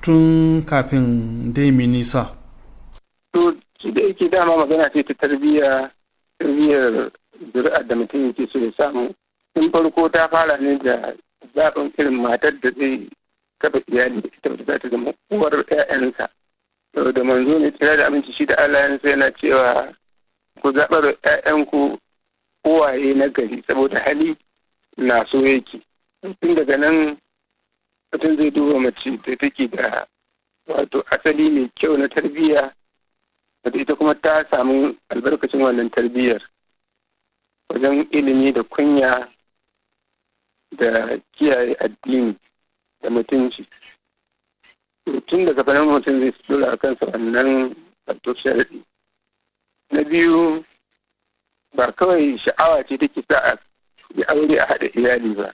tun kafin dai mi nisa to da yake dama magana ce ta tarbiyya tarbiyyar zuri'ar da mutum yake so ya samu in farko ta fara ne da zaɓin irin matar da zai kafa iyali ita da za ta zama uwar 'ya'yansa da manzo ne tsira da aminci shi da Allah yansa yana cewa ku zaɓar 'ya'yanku uwaye na gari saboda hali na so yake tun daga nan mutum zai duba mace da take da wato asali mai kyau na tarbiyya wato ita kuma ta samu albarkacin wannan tarbiyyar wajen ilimi da kunya da kiyaye addini da mutunci tun daga fanar mutum zai tura a kansa wannan wato sharadi na biyu ba kawai sha'awa ce take sa a yi aure a haɗa iyali ba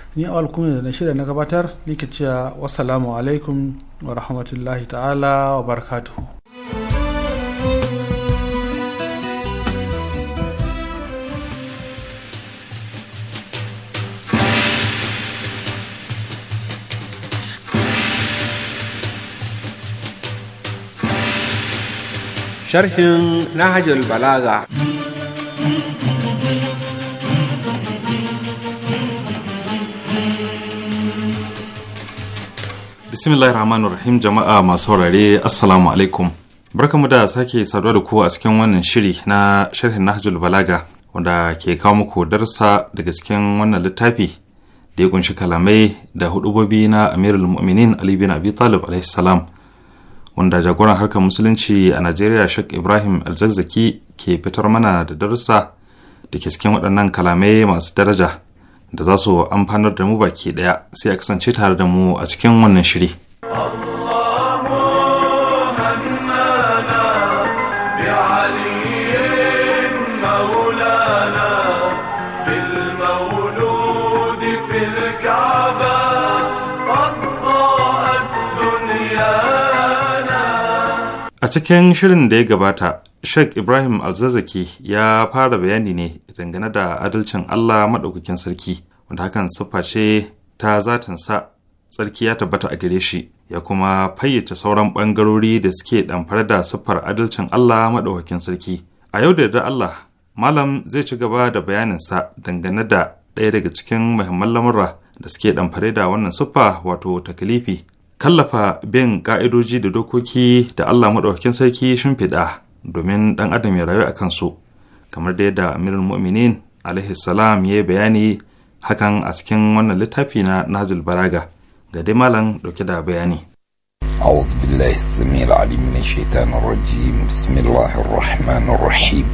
ni awal kuma da na shirya na gabatar ni ke cewa wassalamu alaikum wa rahmatullahi ta'ala wa barakatuhu sharhin nahajul balaga bismillahir rahmanir rahim jama'a masu saurare assalamu alaikum barkamu da sake saduwa da ku a cikin wannan shiri na sharhin nahjul balaga wanda ke kawo muku darsa daga cikin wannan littafi da ya kunshi kalamai da hudubobi na amirul mu'minin ali bin abi talib alaihi salam wanda jagoran harkar musulunci a najeriya shek ibrahim al-zakzaki ke fitar mana da darussa da ke cikin waɗannan kalamai masu daraja da za su amfanar da mu baki daya sai a kasance tare da mu a cikin wannan shiri. cikin shirin da ya gabata, Sheikh Ibrahim Alzazaki ya fara bayani ne dangane da adalcin Allah maɗaukakin sarki, wanda hakan siffa ce ta zatin sa sarki ya tabbata a gare shi, ya kuma fayyace sauran ɓangarori da suke ɗamfare da siffar adalcin Allah maɗaukakin sarki. A yau da da Allah, Malam zai ci gaba da bayaninsa dangane da ɗaya daga cikin muhimman lamura da suke ɗamfare da wannan siffa wato takalifi. kallafa bin ka'idoji da dokoki da Allah maɗaukakin sarki shimfiɗa domin ɗan adam ya rayu a kansu kamar da yadda amirin mu'minin alaihi salam ya bayani hakan a cikin wannan littafi na nazil baraga ga dai malam ɗauke da bayani أعوذ بالله السميع العليم من الشيطان الرجيم بسم الله الرحمن الرحيم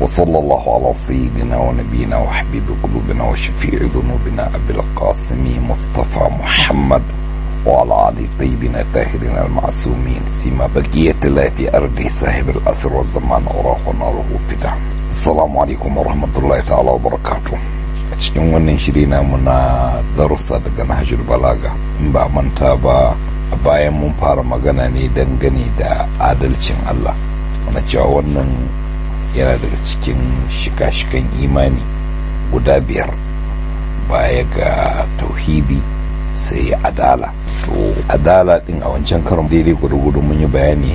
وصلى الله على سيدنا ونبينا وحبيب قلوبنا وشفيع ذنوبنا أبي القاسم مصطفى محمد وعلى آل الطيبين الطاهرين المعصومين سيما بقية الله في أرضه صاحب الأسر والزمان أراه وناره فدا السلام عليكم ورحمة الله تعالى وبركاته cikin wannan shiri namu na darussa daga nahajul balaga in ba manta ba a bayan mun fara magana ne dangane da adalcin Allah na cewa wannan yana daga cikin shika-shikan imani guda biyar baya ga tauhidi sai adala to adala din a wancan karon daidai gudugudu mun yi bayani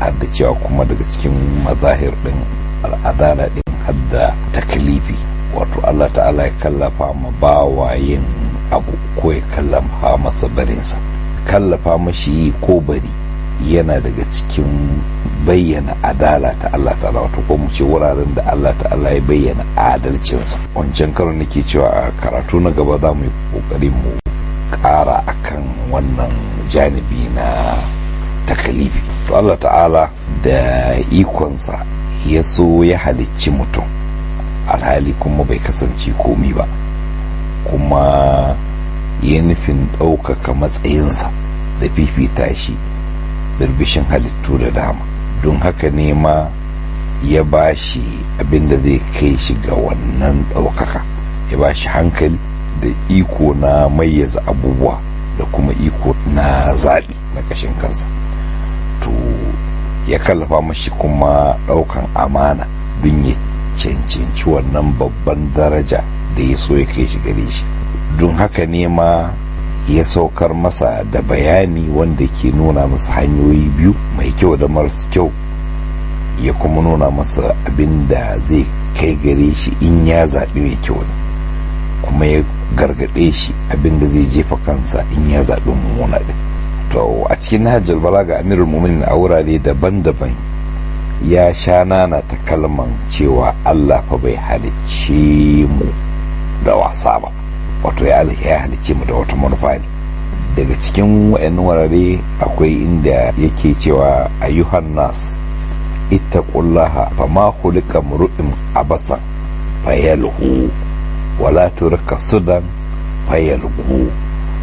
har da cewa kuma daga cikin mazahir din al'adala din har da takalifi wato allah ta'ala ya kallafa ma bawayen abu ko ya kallafa masa barinsa kallafa mashi yi ko bari yana daga cikin bayyana adala ta Allah ta'ala wato ko mu ce wuraren da Allah ta'ala ya bayyana adalcinsa wancan karon nake cewa a karatu na gaba za mu yi kokari mu ƙara akan wannan janibi na takalifi to Allah ta'ala da ikonsa ya so ya halicci mutum alhali kuma bai kasance komi ba kuma ya nufin ɗaukaka matsayinsa da fifita shi birbishin halittu da dama don haka ne ma ya ba shi abinda zai kai shi ga wannan ɗaukaka ya ba shi hankali da iko na mayyaza abubuwa da kuma iko na zaɓi na ƙashin kansa to ya kallafa mashi kuma ɗaukan amana don ya cancanci wannan babban daraja da ya so ya kai shi gare shi don haka ne ma ya saukar masa da bayani wanda ke nuna masa hanyoyi biyu mai kyau da mars kyau ya kuma nuna masa abin da zai kai gare shi in ya zaɓi mai kyau ne kuma ya gargaɗe shi abinda zai jefa kansa in ya zaɓi mummuna ɗin to a cikin hajjar balaga amirul mu'minin a wurare daban-daban ya sha nana ta kalman cewa allah fa bai halicce mu da wasa ba wato ya halicce mu da wata manufa ne daga cikin wa'annan wurare akwai inda yake cewa a ayyuhan nas ittaqullaha fama khuliqa a abasan fayalhu wala turka sudan fayalgu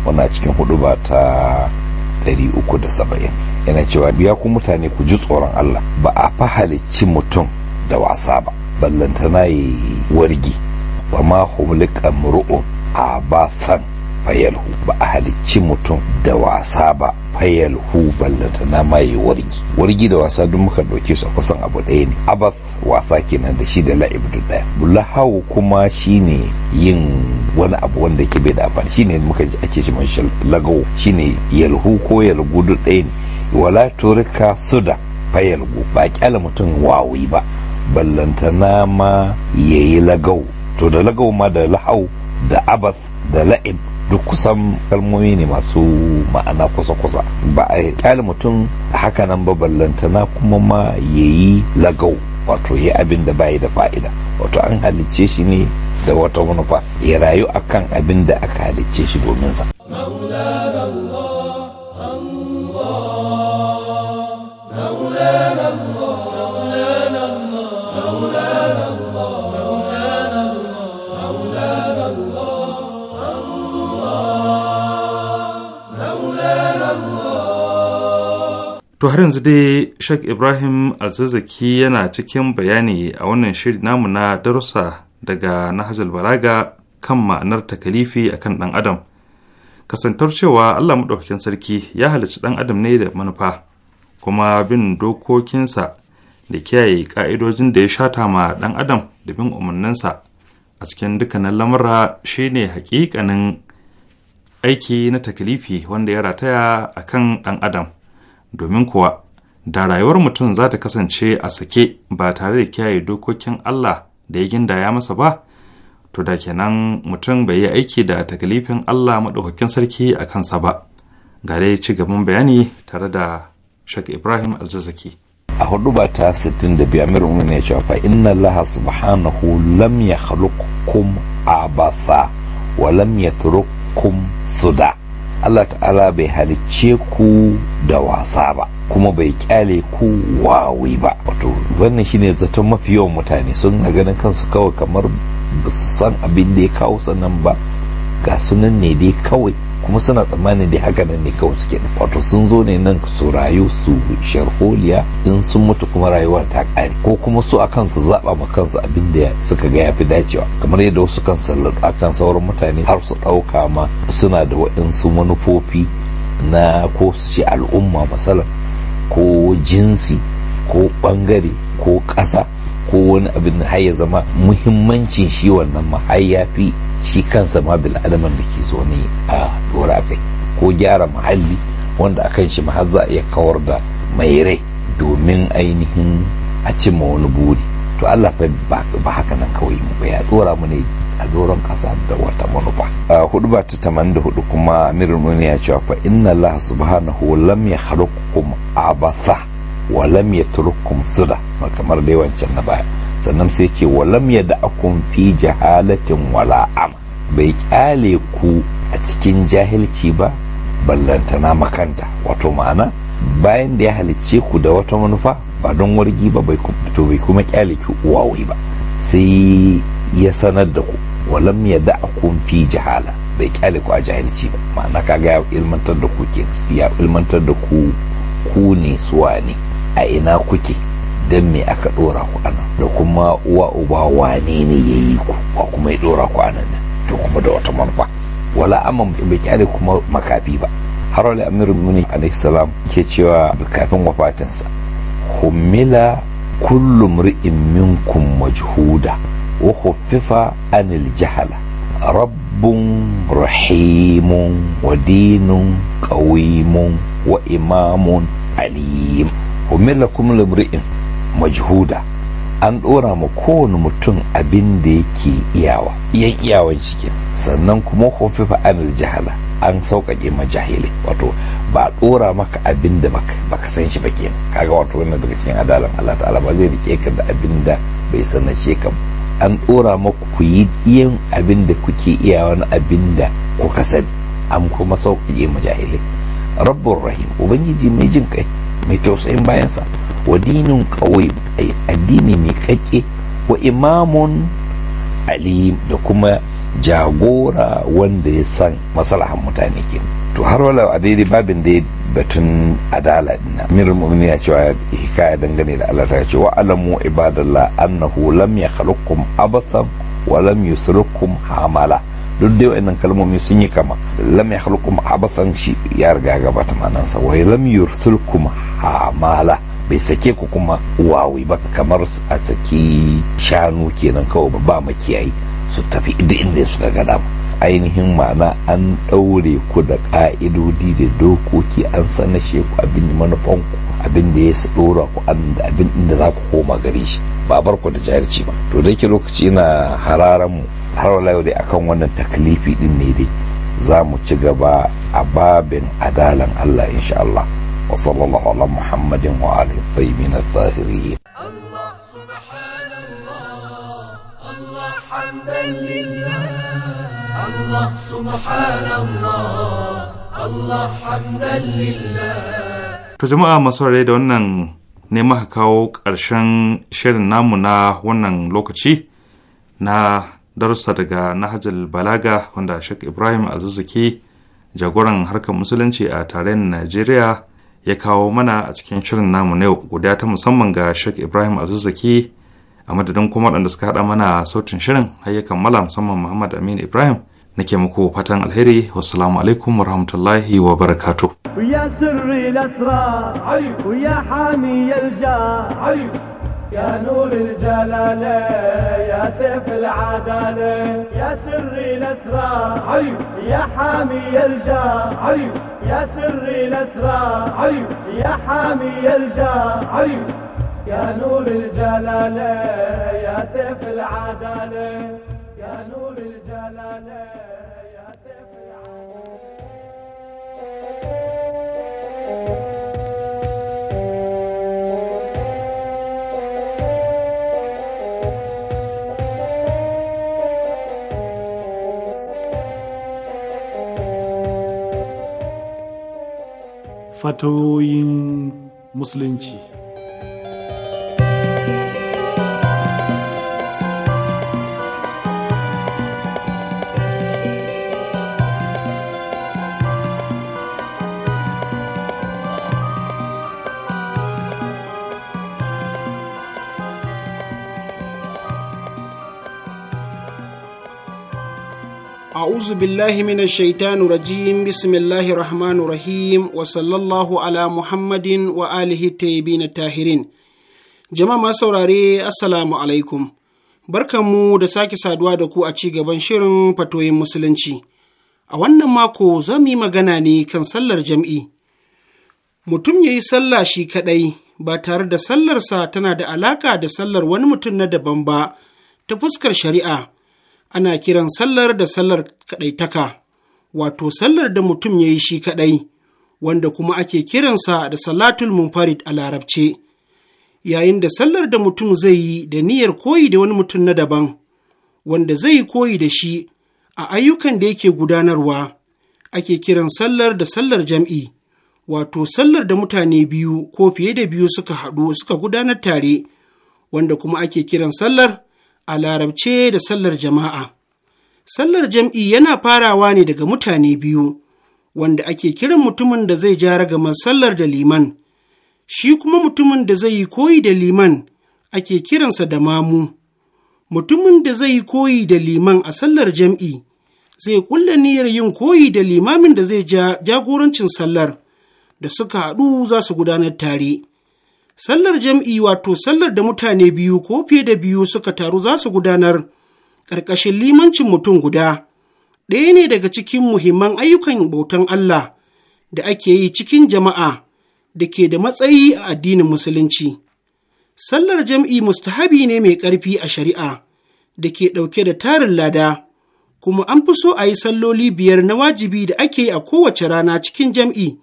wana cikin hudu ba ta 370 yana cewa biya ku mutane ku ji tsoron Allah ba a fa halicci mutum da wasa ba ballantana yi wargi ba ma humlik amru'un a ba san fayalhu ba a halicci mutum da wasa ba fayalhu ballata na mai wargi wargi da wasa duk muka ɗauke su kusan abu ɗaya ne abas wasa kenan da shi da la'ib duk ɗaya lahawu kuma shine yin wani abu wanda ke bai da amfani shine muka ji ake shi man lagawo shine yalhu ko yalgu duk ɗaya ne wala turika suda fayalgu ba kyala mutum wawi ba ballantana ma yayi lagau to da lagau ma da lahau da abas da la'ib duk kusan kalmomi ne masu ma'ana kusa-kusa ba a kyale mutum haka nan ba ballantana kuma ma yayi lagau wato ya abin da bayi da fa'ida wato an halicce shi ne da wata manufa ya rayu akan abin da aka halicce shi domin sa To har yanzu dai Sheikh Ibrahim Alzazzaki yana cikin bayani a wannan shirin namu na darussa daga Nahajul Balaga kan ma'anar takalifi akan ɗan Adam. Kasantar cewa Allah maɗaukakin sarki ya halicci dan Adam ne da manufa, kuma bin dokokinsa da kiyaye ka'idojin da ya shata ma ɗan Adam da bin umarninsa a cikin dukkanin lamura shine hakikanin aiki na takalifi wanda ya rataya akan ɗan Adam. domin kuwa da rayuwar mutum za ta kasance a sake ba tare da kiyaye dokokin Allah da ya gindaya masa ba to da kenan mutum bai yi aiki da takalifin Allah maɗaukakin sarki a kansa ba ga dai ci gaban bayani tare da Sheikh Ibrahim Alzazaki. a hudu ba ta 65 mai umar ya cewa fa inna laha subhanahu lam ya abasa wa lam su suda Allah ta'ala bai halicce ku da wasa ba kuma bai kyale ku wawi ba wato wannan shine zaton mafi yawan mutane sun na ganin kansu kawai kamar ba su san abin da ya kawo sannan ba ga sunan ne dai kawai kuma suna tsammanin da haka nan ne kawai suke da wato sun zo ne nan su rayu su sharholiya in sun mutu kuma rayuwar ta kare ko kuma su a kansu zaɓa ma kansu abin da suka ga ya fi dacewa kamar yadda wasu kan a kan sauran mutane har su ɗauka ma suna da waɗansu manufofi na ko su ce al'umma masalan ko jinsi ko ɓangare ko ƙasa ko wani abin har ya zama muhimmancin shi wannan ma har ya fi shi kansa ma bil'adaman da ke zaune a dora kai ko gyara muhalli wanda a kan shi ma har za a iya kawar da mai rai domin ainihin a cimma wani buri to allah fa ba haka nan kawai mu ba ya dora mu ne a doron kasa da wata manufa a hudu ba ta tamanin da hudu kuma amirin nuna ya cewa fa inna allah subhanahu lam ya harukum abatha wa lam ya turukum suda kamar da wancan na baya sannan sai ce walam ya da akun fi jahalatin wala am bai kyale ku a cikin jahilci ba ballantana makanta wato ma'ana bayan da ya halicce ku da wata manufa ba don wargi ba bai to bai kuma kyale ki uwawai ba sai ya sanar da ku walam ya da akun fi jahala bai kyale ku a jahilci ba ma'ana kaga ya ilmantar da ku ya ilmantar da ku ku ne suwa ne a ina kuke don me aka dora ku anan da kuma uwa uba wane ne ya yi ku ba kuma ya dora ku anan to kuma da wata manufa wala amma bai kyale kuma makafi ba har wani amir muni alaihi salam ke cewa kafin wafatinsa humila kullu mri'in minkum majhuda wa khuffifa anil jahala rabbun rahimun wa dinun qawimun wa imamun alim humila kullu mri'in majhuda an dora ma kowane mutum abin da yake iyawa iya iyawan cikin sannan kuma hofifa anil jahala an sauƙaƙe ma jahili wato ba dora maka abin da baka san shi ba ke kaga wato wannan daga cikin adalan Allah ta'ala ba zai rike ka da abin da bai sanace ka an dora maku ku yi yin abin da kuke iya wani abin da kuka san an kuma sauƙaƙe ma jahilai rahim ubangiji mai jin kai mai tausayin bayansa wa dinin a addini mai kakke wa imamun alim da kuma jagora wanda ya san masalahan mutane ke to har wala a daidai babin da batun adala dina. amir mu'mini ya cewa hikaya dangane da Allah ta ce wa alamu ibadallah annahu lam yakhluqukum abasan wa lam yusrikum hamala duk dai wa'annan kalmomi sun yi kama lam yakhluqukum abasan shi ya riga gabata manan sa wa lam yursilkum hamala bai sake ku kuma wawai ba kamar a saki shanu kenan kawai ba ba makiyayi su tafi duk inda suka ga ba ainihin ma'ana an ɗaure ku da ƙa'idodi da dokoki an shi ku abin manufanku abin da ya ɗora ku abin inda za ku koma gare shi ba bar ku da jahilci ba to da yake lokaci ina hararan mu har wala dai akan wannan taklifi din ne dai za mu ci gaba a babin adalan Allah insha Allah وصلى الله على محمد وعلى الطيبين الطاهرين الله سبحان الله الله حمدا لله الله سبحان الله الله حمدا لله To jama'a masu da wannan ne maka kawo ƙarshen shirin namu na wannan lokaci na darussa daga Nahajul Balaga wanda Sheikh Ibrahim azuzuki jagoran harkar musulunci a tarayyar Najeriya ya kawo mana a cikin shirin namu na yau guda ta musamman ga Sheikh Ibrahim Azizaki a madadin kuma waɗanda suka haɗa mana sautin shirin har ya kammala musamman Muhammad Aminu Ibrahim nake muku fatan alheri wassalamu alaikum warahmatullahi wa Ya sirri يا نور الجلالة يا سيف العدالة يا سري الأسرار يا حامي الجار يا سري الأسرار يا حامي الجار يا نور الجلالة يا سيف العدالة يا نور الجلالة fatoyin musulunci أعوذ بالله من الشيطان الرجيم بسم الله الرحمن الرحيم وصلى الله على محمد وآله الطيبين الطاهرين جماعة سوراري السلام عليكم barkanmu da sake saduwa da ku a ci gaban shirin fatoyin musulunci a wannan mako za mu yi magana ne kan sallar jam'i mutum ya yi sallah shi kaɗai ba tare da sallarsa tana da alaƙa da sallar wani mutum na daban ba ta fuskar shari'a ana kiran sallar da sallar kaɗaitaka, wato sallar da mutum ya yi shi kaɗai, wanda kuma ake kiransa da salatul munfarid a larabce, yayin da sallar da mutum zai yi da niyyar koyi da wani mutum na daban, wanda zai yi koyi da shi a ayyukan da yake gudanarwa, ake kiran sallar da sallar jam'i, wato sallar da mutane biyu ko fiye da biyu suka haɗu suka gudanar tare, wanda kuma ake kiran sallar a larabce da sallar jama'a. Sallar jam'i yana farawa ne daga mutane biyu, wanda ake kiran mutumin da zai ja ragamar sallar da liman, shi kuma mutumin da zai yi koyi da liman ake kiransa da mamu. Mutumin da zai yi koyi da liman a sallar jam'i zai kulla niyyar yin koyi da limamin da zai ja jagorancin sallar da suka haɗu za su gudanar tare. Sallar jam'i wato sallar da mutane biyu ko fiye da biyu suka taru za su gudanar ƙarƙashin limancin mutum guda, ɗaya ne daga cikin muhimman ayyukan bautan Allah da ake yi cikin jama'a da ke da matsayi a addinin Musulunci. Sallar jam'i mustahabi ne mai ƙarfi a shari'a da ke ɗauke da tarin lada, kuma an fi so a yi salloli biyar na wajibi da ake yi a kowace rana cikin jam'i,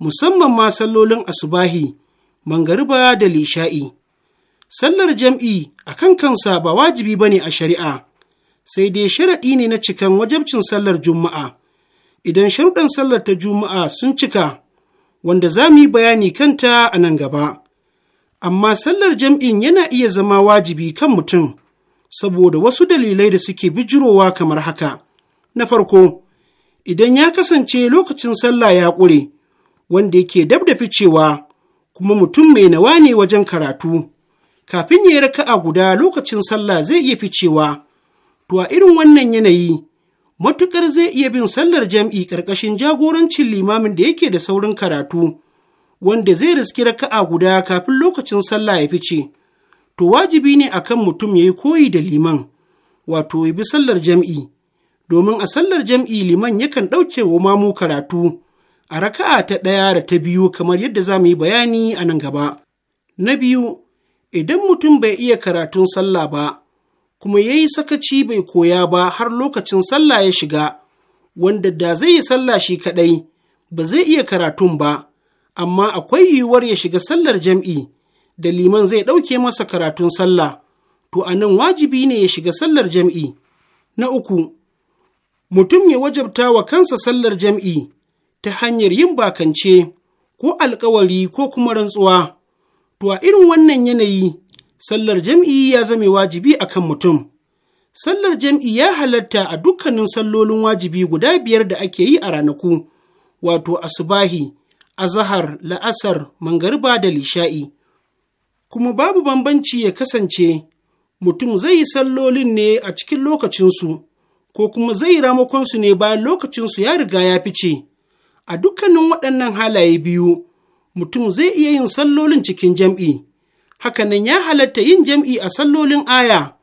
musamman ma sallolin asubahi. mangariba da lisha'i sallar jam'i a kan kansa ba wajibi ba ne a shari'a sai dai sharaɗi ne na cikan wajabcin sallar juma'a idan sharuɗan sallar ta juma'a sun cika wanda za mu yi bayani kanta a nan gaba amma sallar jam'in yana iya zama wajibi kan mutum saboda wasu dalilai da suke bijirowa kamar haka na farko idan ya kasance lokacin sallah ya ƙure wanda yake dab da ficewa kuma mutum mai nawa ne wajen karatu kafin ya yi raka'a guda lokacin sallah zai iya ficewa to a irin wannan yanayi matuƙar zai iya bin sallar jam'i ƙarƙashin jagorancin limamin da yake da saurin karatu wanda zai riski raka'a guda kafin lokacin sallah ya fice to wajibi ne a kan mutum ya yi koyi da liman wato ya bi sallar jam'i domin a sallar jam'i liman yakan ɗauke wa mamu karatu a raka'a ta ɗaya da ta biyu kamar yadda za mu yi bayani a nan gaba. Na biyu, idan mutum bai iya karatun sallah ba, kuma ya yi sakaci bai koya ba har lokacin sallah ya shiga, wanda da zai yi sallah shi kaɗai, ba zai iya karatun ba, amma akwai yiwuwar ya shiga sallar jam'i, da liman zai ɗauke masa karatun sallah, to a nan wajibi ne ya shiga sallar jam'i. Na uku, mutum ya wajabta wa kansa sallar jam'i. ta hanyar yin bakance ko alkawari ko kuma rantsuwa. To a irin wannan yanayi, sallar jam'i ya zame wajibi a kan mutum. Sallar jam'i ya halatta a dukkanin sallolin wajibi guda biyar da ake yi a ranaku, wato asubahi, azahar, la'asar, mangariba da lisha'i. Kuma babu bambanci ya kasance mutum zai yi sallolin ne a cikin lokacinsu, ko kuma zai yi ramakonsu ne bayan lokacinsu ya riga ya fice. a dukkanin waɗannan halaye biyu mutum zai iya yin sallolin cikin jam'i hakanan ya halatta yin jam'i a sallolin aya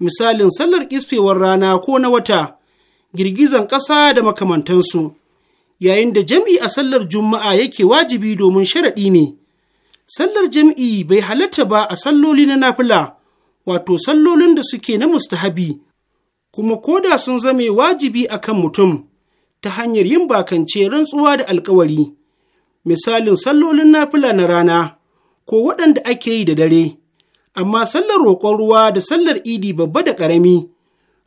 misalin sallar ƙisfewar rana ko na wata girgizan ƙasa da makamantansu yayin da jam'i a sallar juma'a yake wajibi domin sharaɗi ne sallar jam'i bai halatta ba a salloli na nafila wato sallolin da suke na mustahabi kuma koda sun zame wajibi akan mutum ta hanyar yin bakance rantsuwa da alkawari, misalin sallolin nafila na rana ko waɗanda ake yi da dare, amma sallar roƙon ruwa da sallar idi babba da ƙarami,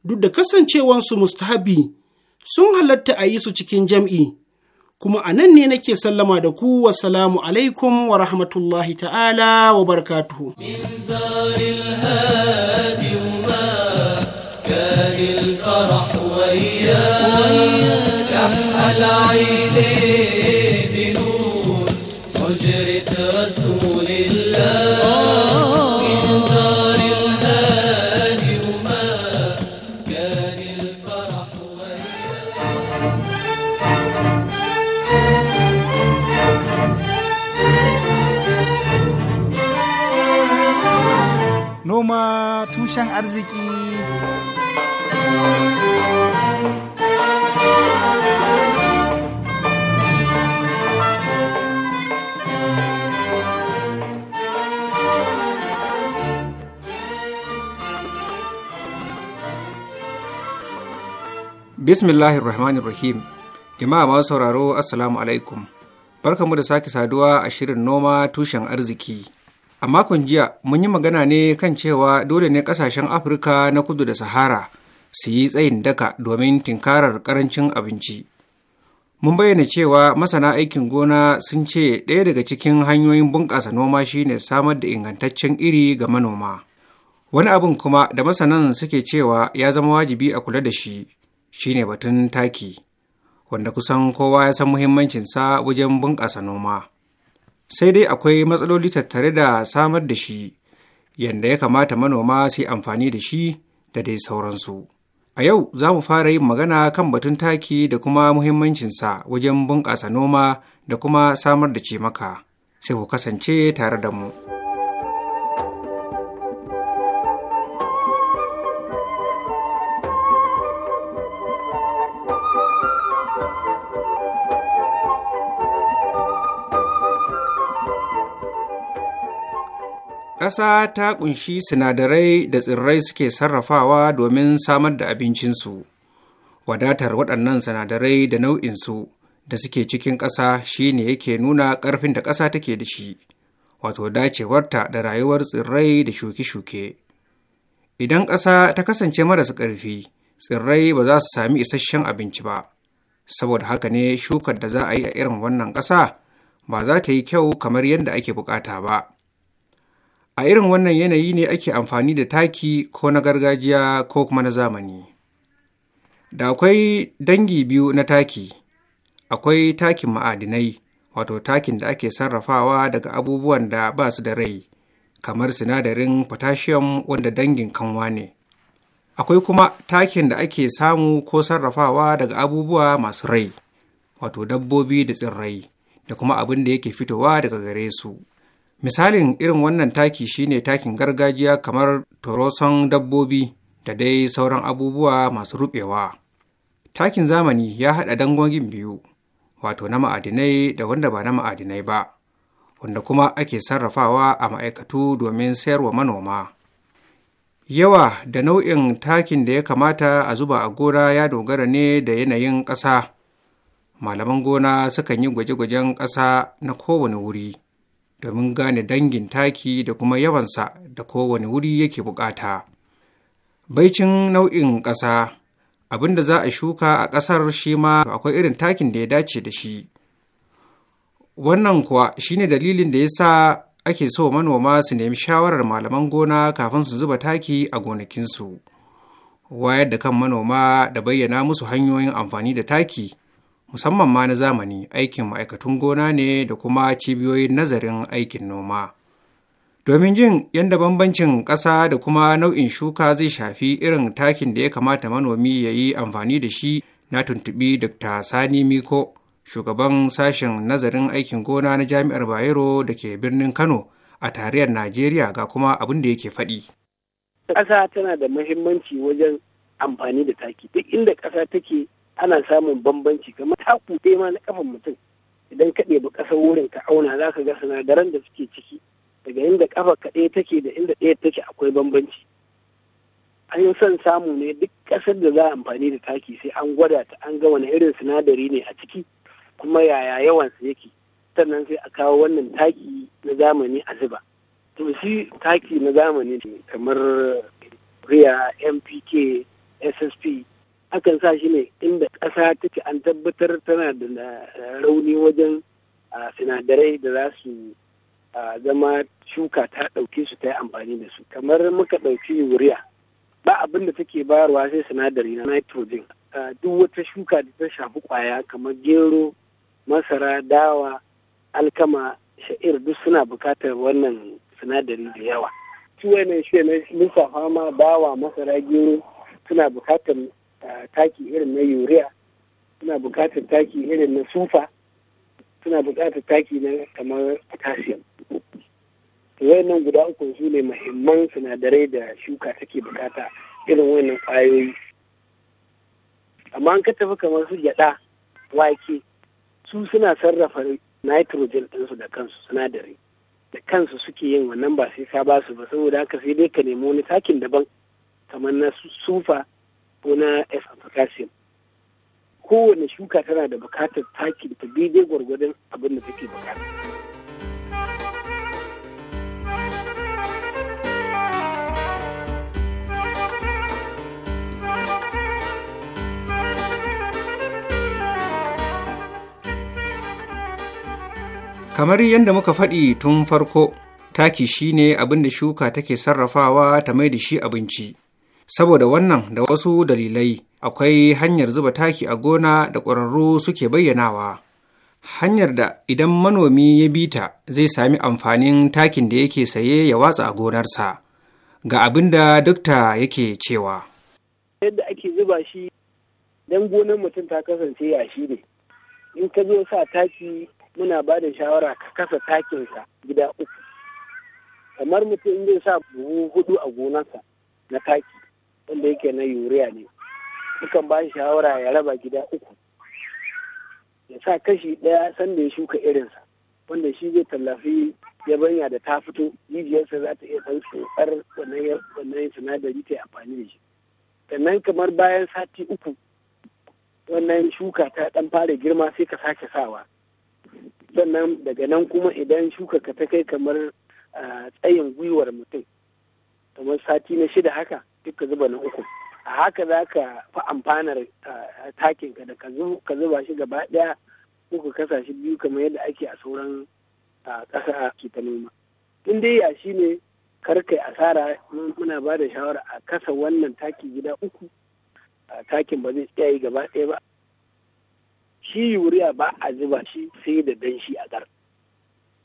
duk da kasancewansu mustahabi sun halatta a yi su cikin jam'i. Kuma a nan ne nake sallama da ku wasalamu alaikum wa rahmatullahi ta'ala wa barakatuhu. العينين بنور حجرة رسول الله من دار الهادي وما كان الفرح Noma tushen arziki thank Bismillahir Rahmanir Rahim. Jama'a masu sauraro Assalamu alaikum. mu da sake saduwa a shirin noma tushen arziki. A makon jiya mun yi magana ne kan cewa dole ne ƙasashen Afirka na kudu da Sahara su yi tsayin daka domin tinkarar karancin abinci. Mun bayyana cewa masana aikin gona sun ce ɗaya daga cikin hanyoyin bunƙasa noma shine samar da ingantaccen iri ga manoma. Wani abin kuma da masanan suke cewa ya zama wajibi a kula da shi shine batun taki wanda kusan kowa ya san muhimmancinsa wajen bunƙasa noma sai dai akwai matsaloli tattare da samar da shi yadda ya kamata manoma su yi amfani da shi da dai sauransu a yau za mu fara yin magana kan batun taki da kuma muhimmancinsa wajen bunƙasa noma da kuma samar da cimaka sai ku kasance tare da mu. ƙasa ta ƙunshi sinadarai da tsirrai suke sarrafawa domin samar da abincinsu. Wadatar waɗannan sinadarai da nau'insu da suke cikin ƙasa shi ne yake nuna ƙarfin da ƙasa take da shi, wato dacewarta da rayuwar tsirrai da shuke-shuke. Idan ƙasa ta kasance marasa ƙarfi, tsirrai ba za su sami isasshen abinci ba. Saboda haka ne shukar da za a yi a irin wannan ƙasa ba za ta yi kyau kamar yadda ake buƙata ba. a irin wannan yanayi ne ake amfani da taki ko na gargajiya ko kuma na zamani da akwai dangi biyu na taki akwai takin ma'adinai wato takin da ake sarrafawa daga abubuwan da ba su da rai kamar sinadarin potassium wanda dangin kanwa ne akwai kuma takin da ake samu ko sarrafawa daga abubuwa masu rai wato dabbobi da tsirrai da kuma abin da yake fitowa daga gare su Misalin irin wannan taki shine takin gargajiya kamar toroson dabbobi da dai sauran abubuwa masu rubewa. Takin zamani ya haɗa dangogin biyu, wato na ma'adinai da wanda ba na ma'adinai ba, wanda kuma ake sarrafawa a ma'aikatu domin sayarwa manoma. Yawa da nau'in takin da ya kamata a zuba a gora ya dogara ne da yanayin ƙasa. Malaman gona sukan yi gwaje-gwajen ƙasa na kowane wuri. domin gane dangin taki da kuma yawansa da kowane wuri yake bukata. Baicin nau'in ƙasa, abin da za a shuka a ƙasar shi ma akwai irin takin da ya dace da shi. Wannan kuwa shi ne dalilin da ya sa ake so manoma su nemi shawarar malaman gona kafin su zuba taki a gonakinsu. Wayar da kan manoma da bayyana musu hanyoyin amfani da taki. musamman ma na zamani aikin ma'aikatun gona ne da kuma cibiyoyin nazarin aikin noma. Domin jin yadda bambancin ƙasa da kuma nau'in shuka zai shafi irin takin da ya kamata manomi ya yi amfani da shi na tuntuɓi Dr. Sani Miko, shugaban sashen nazarin aikin gona na Jami'ar Bayero da ke birnin Kano a tarayyar Najeriya ga kuma abin da yake faɗi. Ƙasa tana da muhimmanci wajen amfani da taki duk inda ƙasa take ana samun bambanci kamar taku ɗaya ma na kafan mutum idan ka ɗebi ƙasar wurin ka auna za ka ga sinadaran da suke ciki daga inda ƙafa ka ɗaya take da inda ɗaya take akwai bambanci an yi son samu ne duk ƙasar da za a amfani da taki sai an gwada ta an ga wani irin sinadari ne a ciki kuma yaya yawan su yake sannan sai a kawo wannan taki na zamani a zuba to shi taki na zamani kamar riya mpk ssp akan sa shi ne inda ƙasa take an tabbatar tana da rauni wajen sinadarai da za su zama shuka ta ɗauke su ta yi amfani da su kamar muka ɗauki wuriya. ba abin da take bayarwa sai sinadari na nitrogen duk wata shuka da ta shafi kwaya kamar gero masara dawa alkama sha'ir duk suna buƙatar wannan sinadari da yawa. ne shi ne lissafa ma dawa masara gero suna buƙatar taki irin na urea suna buƙatar taki irin na sufa suna buƙatar taki na kamar potassium wayannan guda uku su ne muhimman sinadarai da shuka take bukata irin wayannan kwayoyi amma an ka tafi kamar su gyada wake su suna sarrafa nitrogen ɗinsu da kansu sinadarai da kansu suke yin wannan ba sai ka ba su ba saboda haka sai dai ka nemi wani takin daban kamar na sufa ko na potassium kowane shuka tana da bukatar taki da ta daidai gwargwadon abin da take bukata kamar yadda muka faɗi tun farko taki shi ne abin da shuka take sarrafawa ta mai da shi abinci Saboda wannan da wasu dalilai akwai hanyar zuba taki a gona da ƙwararru suke bayyanawa. Hanyar da idan manomi ya bi ta zai sami amfanin takin da yake saye ya watsa a gonarsa. Ga abin da dukta yake cewa. Yadda ake zuba shi don gonar mutum ta kasance yashi ne. In ka zo sa taki muna ba da shawara ka kasa takinsa gida uku. Kamar mutum zai sa buhu hudu a gonarsa na taki. wanda yake na yuriya ne sukan ba shi shawara ya raba gida uku ya sa kashi ɗaya sanda ya shuka irinsa wanda shi zai tallafi yabanya da ta fito jijiyarsa za ta iya ɗan tsotsar wannan sinadari ta amfani da shi sannan kamar bayan sati uku wannan shuka ta ɗan fara girma sai ka sake sawa sannan daga nan kuma idan shuka ka ta kai kamar ah, tsayin gwiwar mutum kamar sati na shida haka duk ka zuba na uku a haka za ka fi amfanar takin ka da ka zuba shi gaba ɗaya ko ka kasa shi biyu kamar yadda ake a sauran ƙasa ke ta noma in dai yashi ne kar asara muna ba da shawara a kasa wannan takin gida uku takin ba zai tsaye gaba ɗaya ba shi yuriya ba a zuba shi sai da danshi a gar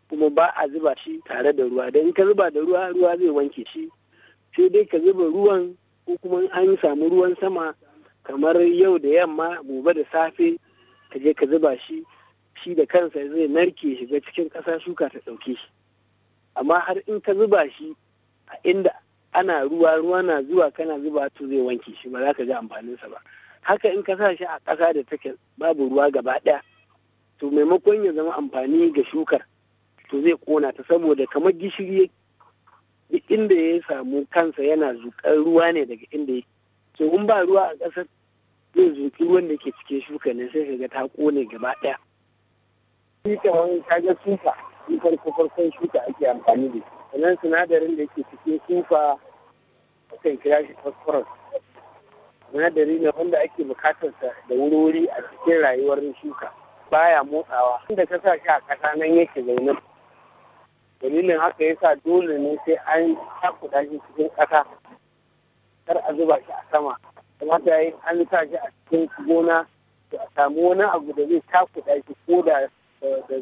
kuma ba a zuba shi tare da ruwa don ka zuba da ruwa ruwa zai wanke shi sai dai ka zuba ruwan ko kuma an samu ruwan sama kamar yau da yamma gobe da safe ka je ka zuba shi shi da kansa zai narke shiga cikin ƙasa shuka ta ɗauke shi amma har in ka zuba shi a inda ana ruwa ruwa na zuwa kana zuba to zai wanke shi ba za ka ji amfaninsa ba haka in ka sa shi a ƙasa da take babu ruwa gaba ɗaya to maimakon ya zama amfani ga shukar to zai ƙona ta saboda kamar gishiri duk inda ya samu kansa yana zuƙar ruwa ne daga inda ya so in ba ruwa a ƙasar zai zuƙi ruwan da ke cikin shuka ne sai shiga ta ƙone gaba ɗaya shi kamar kaga shuka shi farko farkon shuka ake amfani da sannan sinadarin da ke cikin shuka akan kira shi fosforos sinadari ne wanda ake sa da wuri-wuri a cikin rayuwar shuka baya motsawa inda ka sa shi a ƙasa nan yake zaune dalilin haka yasa dole ne sai an takuda shi cikin ƙasa kar a zuba shi a sama ta yi an sa shi a cikin gona to a samu wani abu da zai takuda shi ko da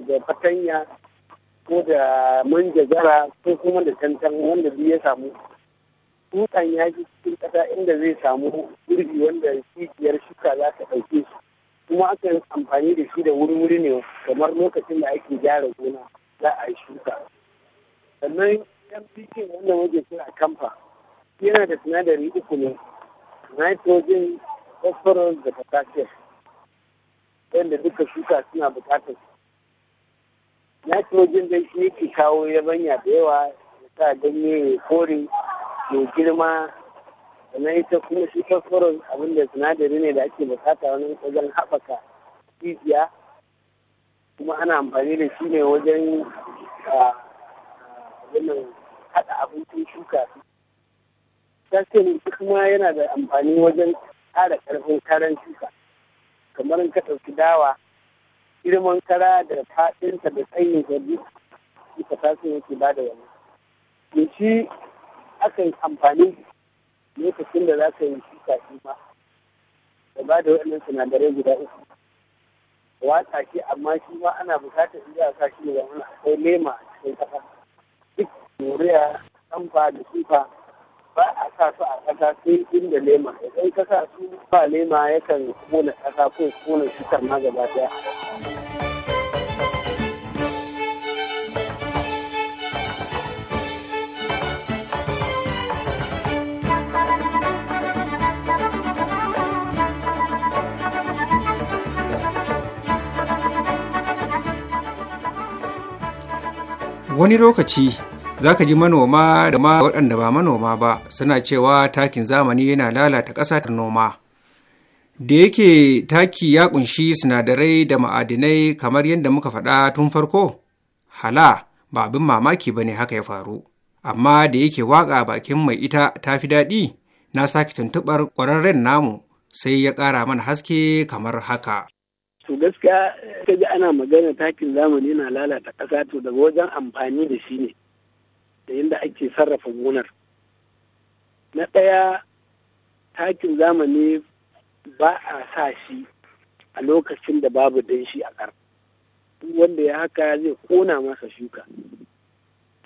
da fatanya ko da manjagara ko kuma da tantan wanda zai ya samu tutan ya ji cikin ƙasa inda zai samu gurbi wanda cibiyar shuka za ta ɗauke shi kuma akan amfani da shi da wuri-wuri ne kamar lokacin da ake gyara gona za a yi shuka sannan mpk wanda waje kira kamfa yana da sinadari uku ne nitrogen phosphorus da potassium wanda duka shuka suna bukatar nitrogen dai shi yake kawo yabanya da yawa ya sa ganye ya kore ya girma sannan ita kuma shi phosphorus abinda sinadari ne da ake bukata wani wajen haɓaka jijiya kuma ana amfani da shi ne wajen ah, wannan haɗa abincin shuka calcium kuma yana da amfani wajen ƙara ƙarfin karan shuka kamar in ka ɗauki dawa girman kara da faɗinsa da tsayin gari ita calcium yake ba da wani da shi akan amfani lokacin da za ka yi shuka shi ma da ba da waɗannan sinadarai guda uku watsa shi amma shi ma ana buƙatar in za a sa shi da wani akwai lema a cikin ƙasa Doriya, Tamfa da Sufa ba a sa su a ƙasa sai inda lema idan ka sa su ba lema yakan kona ƙasa ko kona shukar ma gaba daya. Wani lokaci za ka ji manoma da ma waɗanda ba manoma ba suna cewa takin zamani yana lalata ƙasar noma da yake taki ya ƙunshi sinadarai da ma'adinai kamar yadda muka faɗa tun farko hala ba abin mamaki ba ne haka ya faru amma da yake waƙa bakin mai ita ta fi daɗi na sake tuntuɓar ƙwararren namu sai ya ƙara mana haske kamar haka to gaskiya ka ji ana magana takin zamani na lalata ƙasa to daga wajen amfani da shi ne da yadda ake sarrafa gonar na ɗaya takin zamani ba a sa shi a lokacin da babu danshi a ƙar wanda ya haka zai kona masa shuka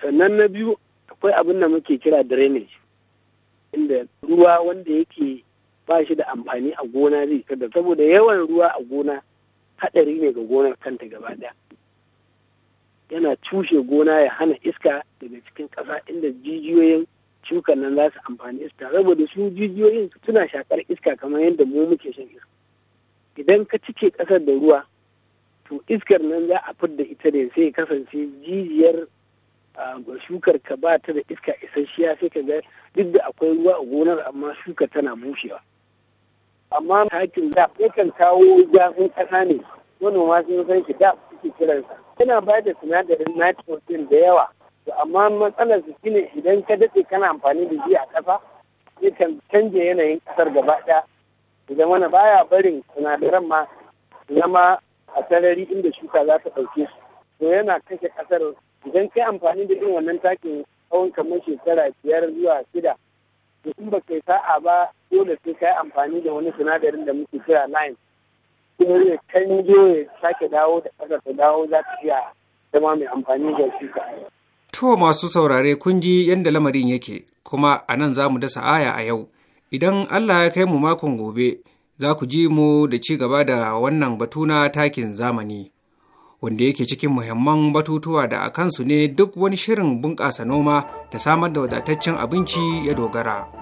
sannan na biyu akwai abin da muke kira drainage inda ruwa wanda yake ba shi da amfani a gona zai saboda yawan ruwa a gona haɗari ne ga gonar kanta gaba ɗaya yana cushe gona ya hana iska daga cikin ƙasa inda jijiyoyin shukan nan za su amfani iska saboda su jijiyoyin suna shakar iska kamar yadda mu muke shan iska idan ka cike ƙasar da ruwa to iskar nan za a fidda ita ne sai kasance jijiyar shukar ka ba ta da iska isasshiya sai ka ga duk da akwai ruwa a gonar amma shukar tana bushewa amma hakin da yakan kawo zafin ƙasa ne manoma sun san shi da suke kiransa tana ba da sinadarin nitrogen da yawa to amma matsalar su shine idan ka dace kana amfani da shi a ƙasa yakan canje yanayin ƙasar gaba ɗaya idan wani baya barin sinadaran ma zama a sarari inda shuka za ta ɗauke su to yana kashe ƙasar idan kai amfani da irin wannan takin tsawon kamar shekara biyar zuwa shida to in ba kai sa'a ba dole sai kai amfani da wani sinadarin da muke kira lime kuma ya sake dawo da ƙasar dawo za iya zama mai amfani da shi To masu saurare kun ji yadda lamarin yake kuma a nan za mu dasa aya a yau. Idan Allah ya kai mu makon gobe za ku ji mu da ci gaba da wannan batuna takin zamani. Wanda yake cikin muhimman batutuwa da a kansu ne duk wani shirin bunƙasa noma da samar da wadataccen abinci ya dogara.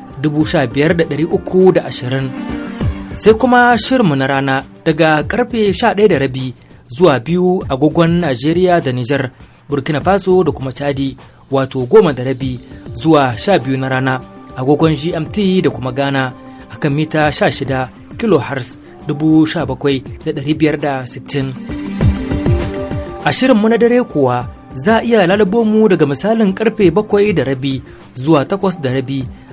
ashirin sai kuma shirinmu na rana daga karfe rabi zuwa biyu agogon Najeriya da Nijar Burkina Faso da kuma Chadi wato goma da rabi zuwa sha biyu na rana agogon GMT da kuma Ghana akan mita shida kHz sittin. a shirinmu na dare kuwa za a iya lalabo mu daga misalin karfe bakwai da rabi zuwa takwas da rabi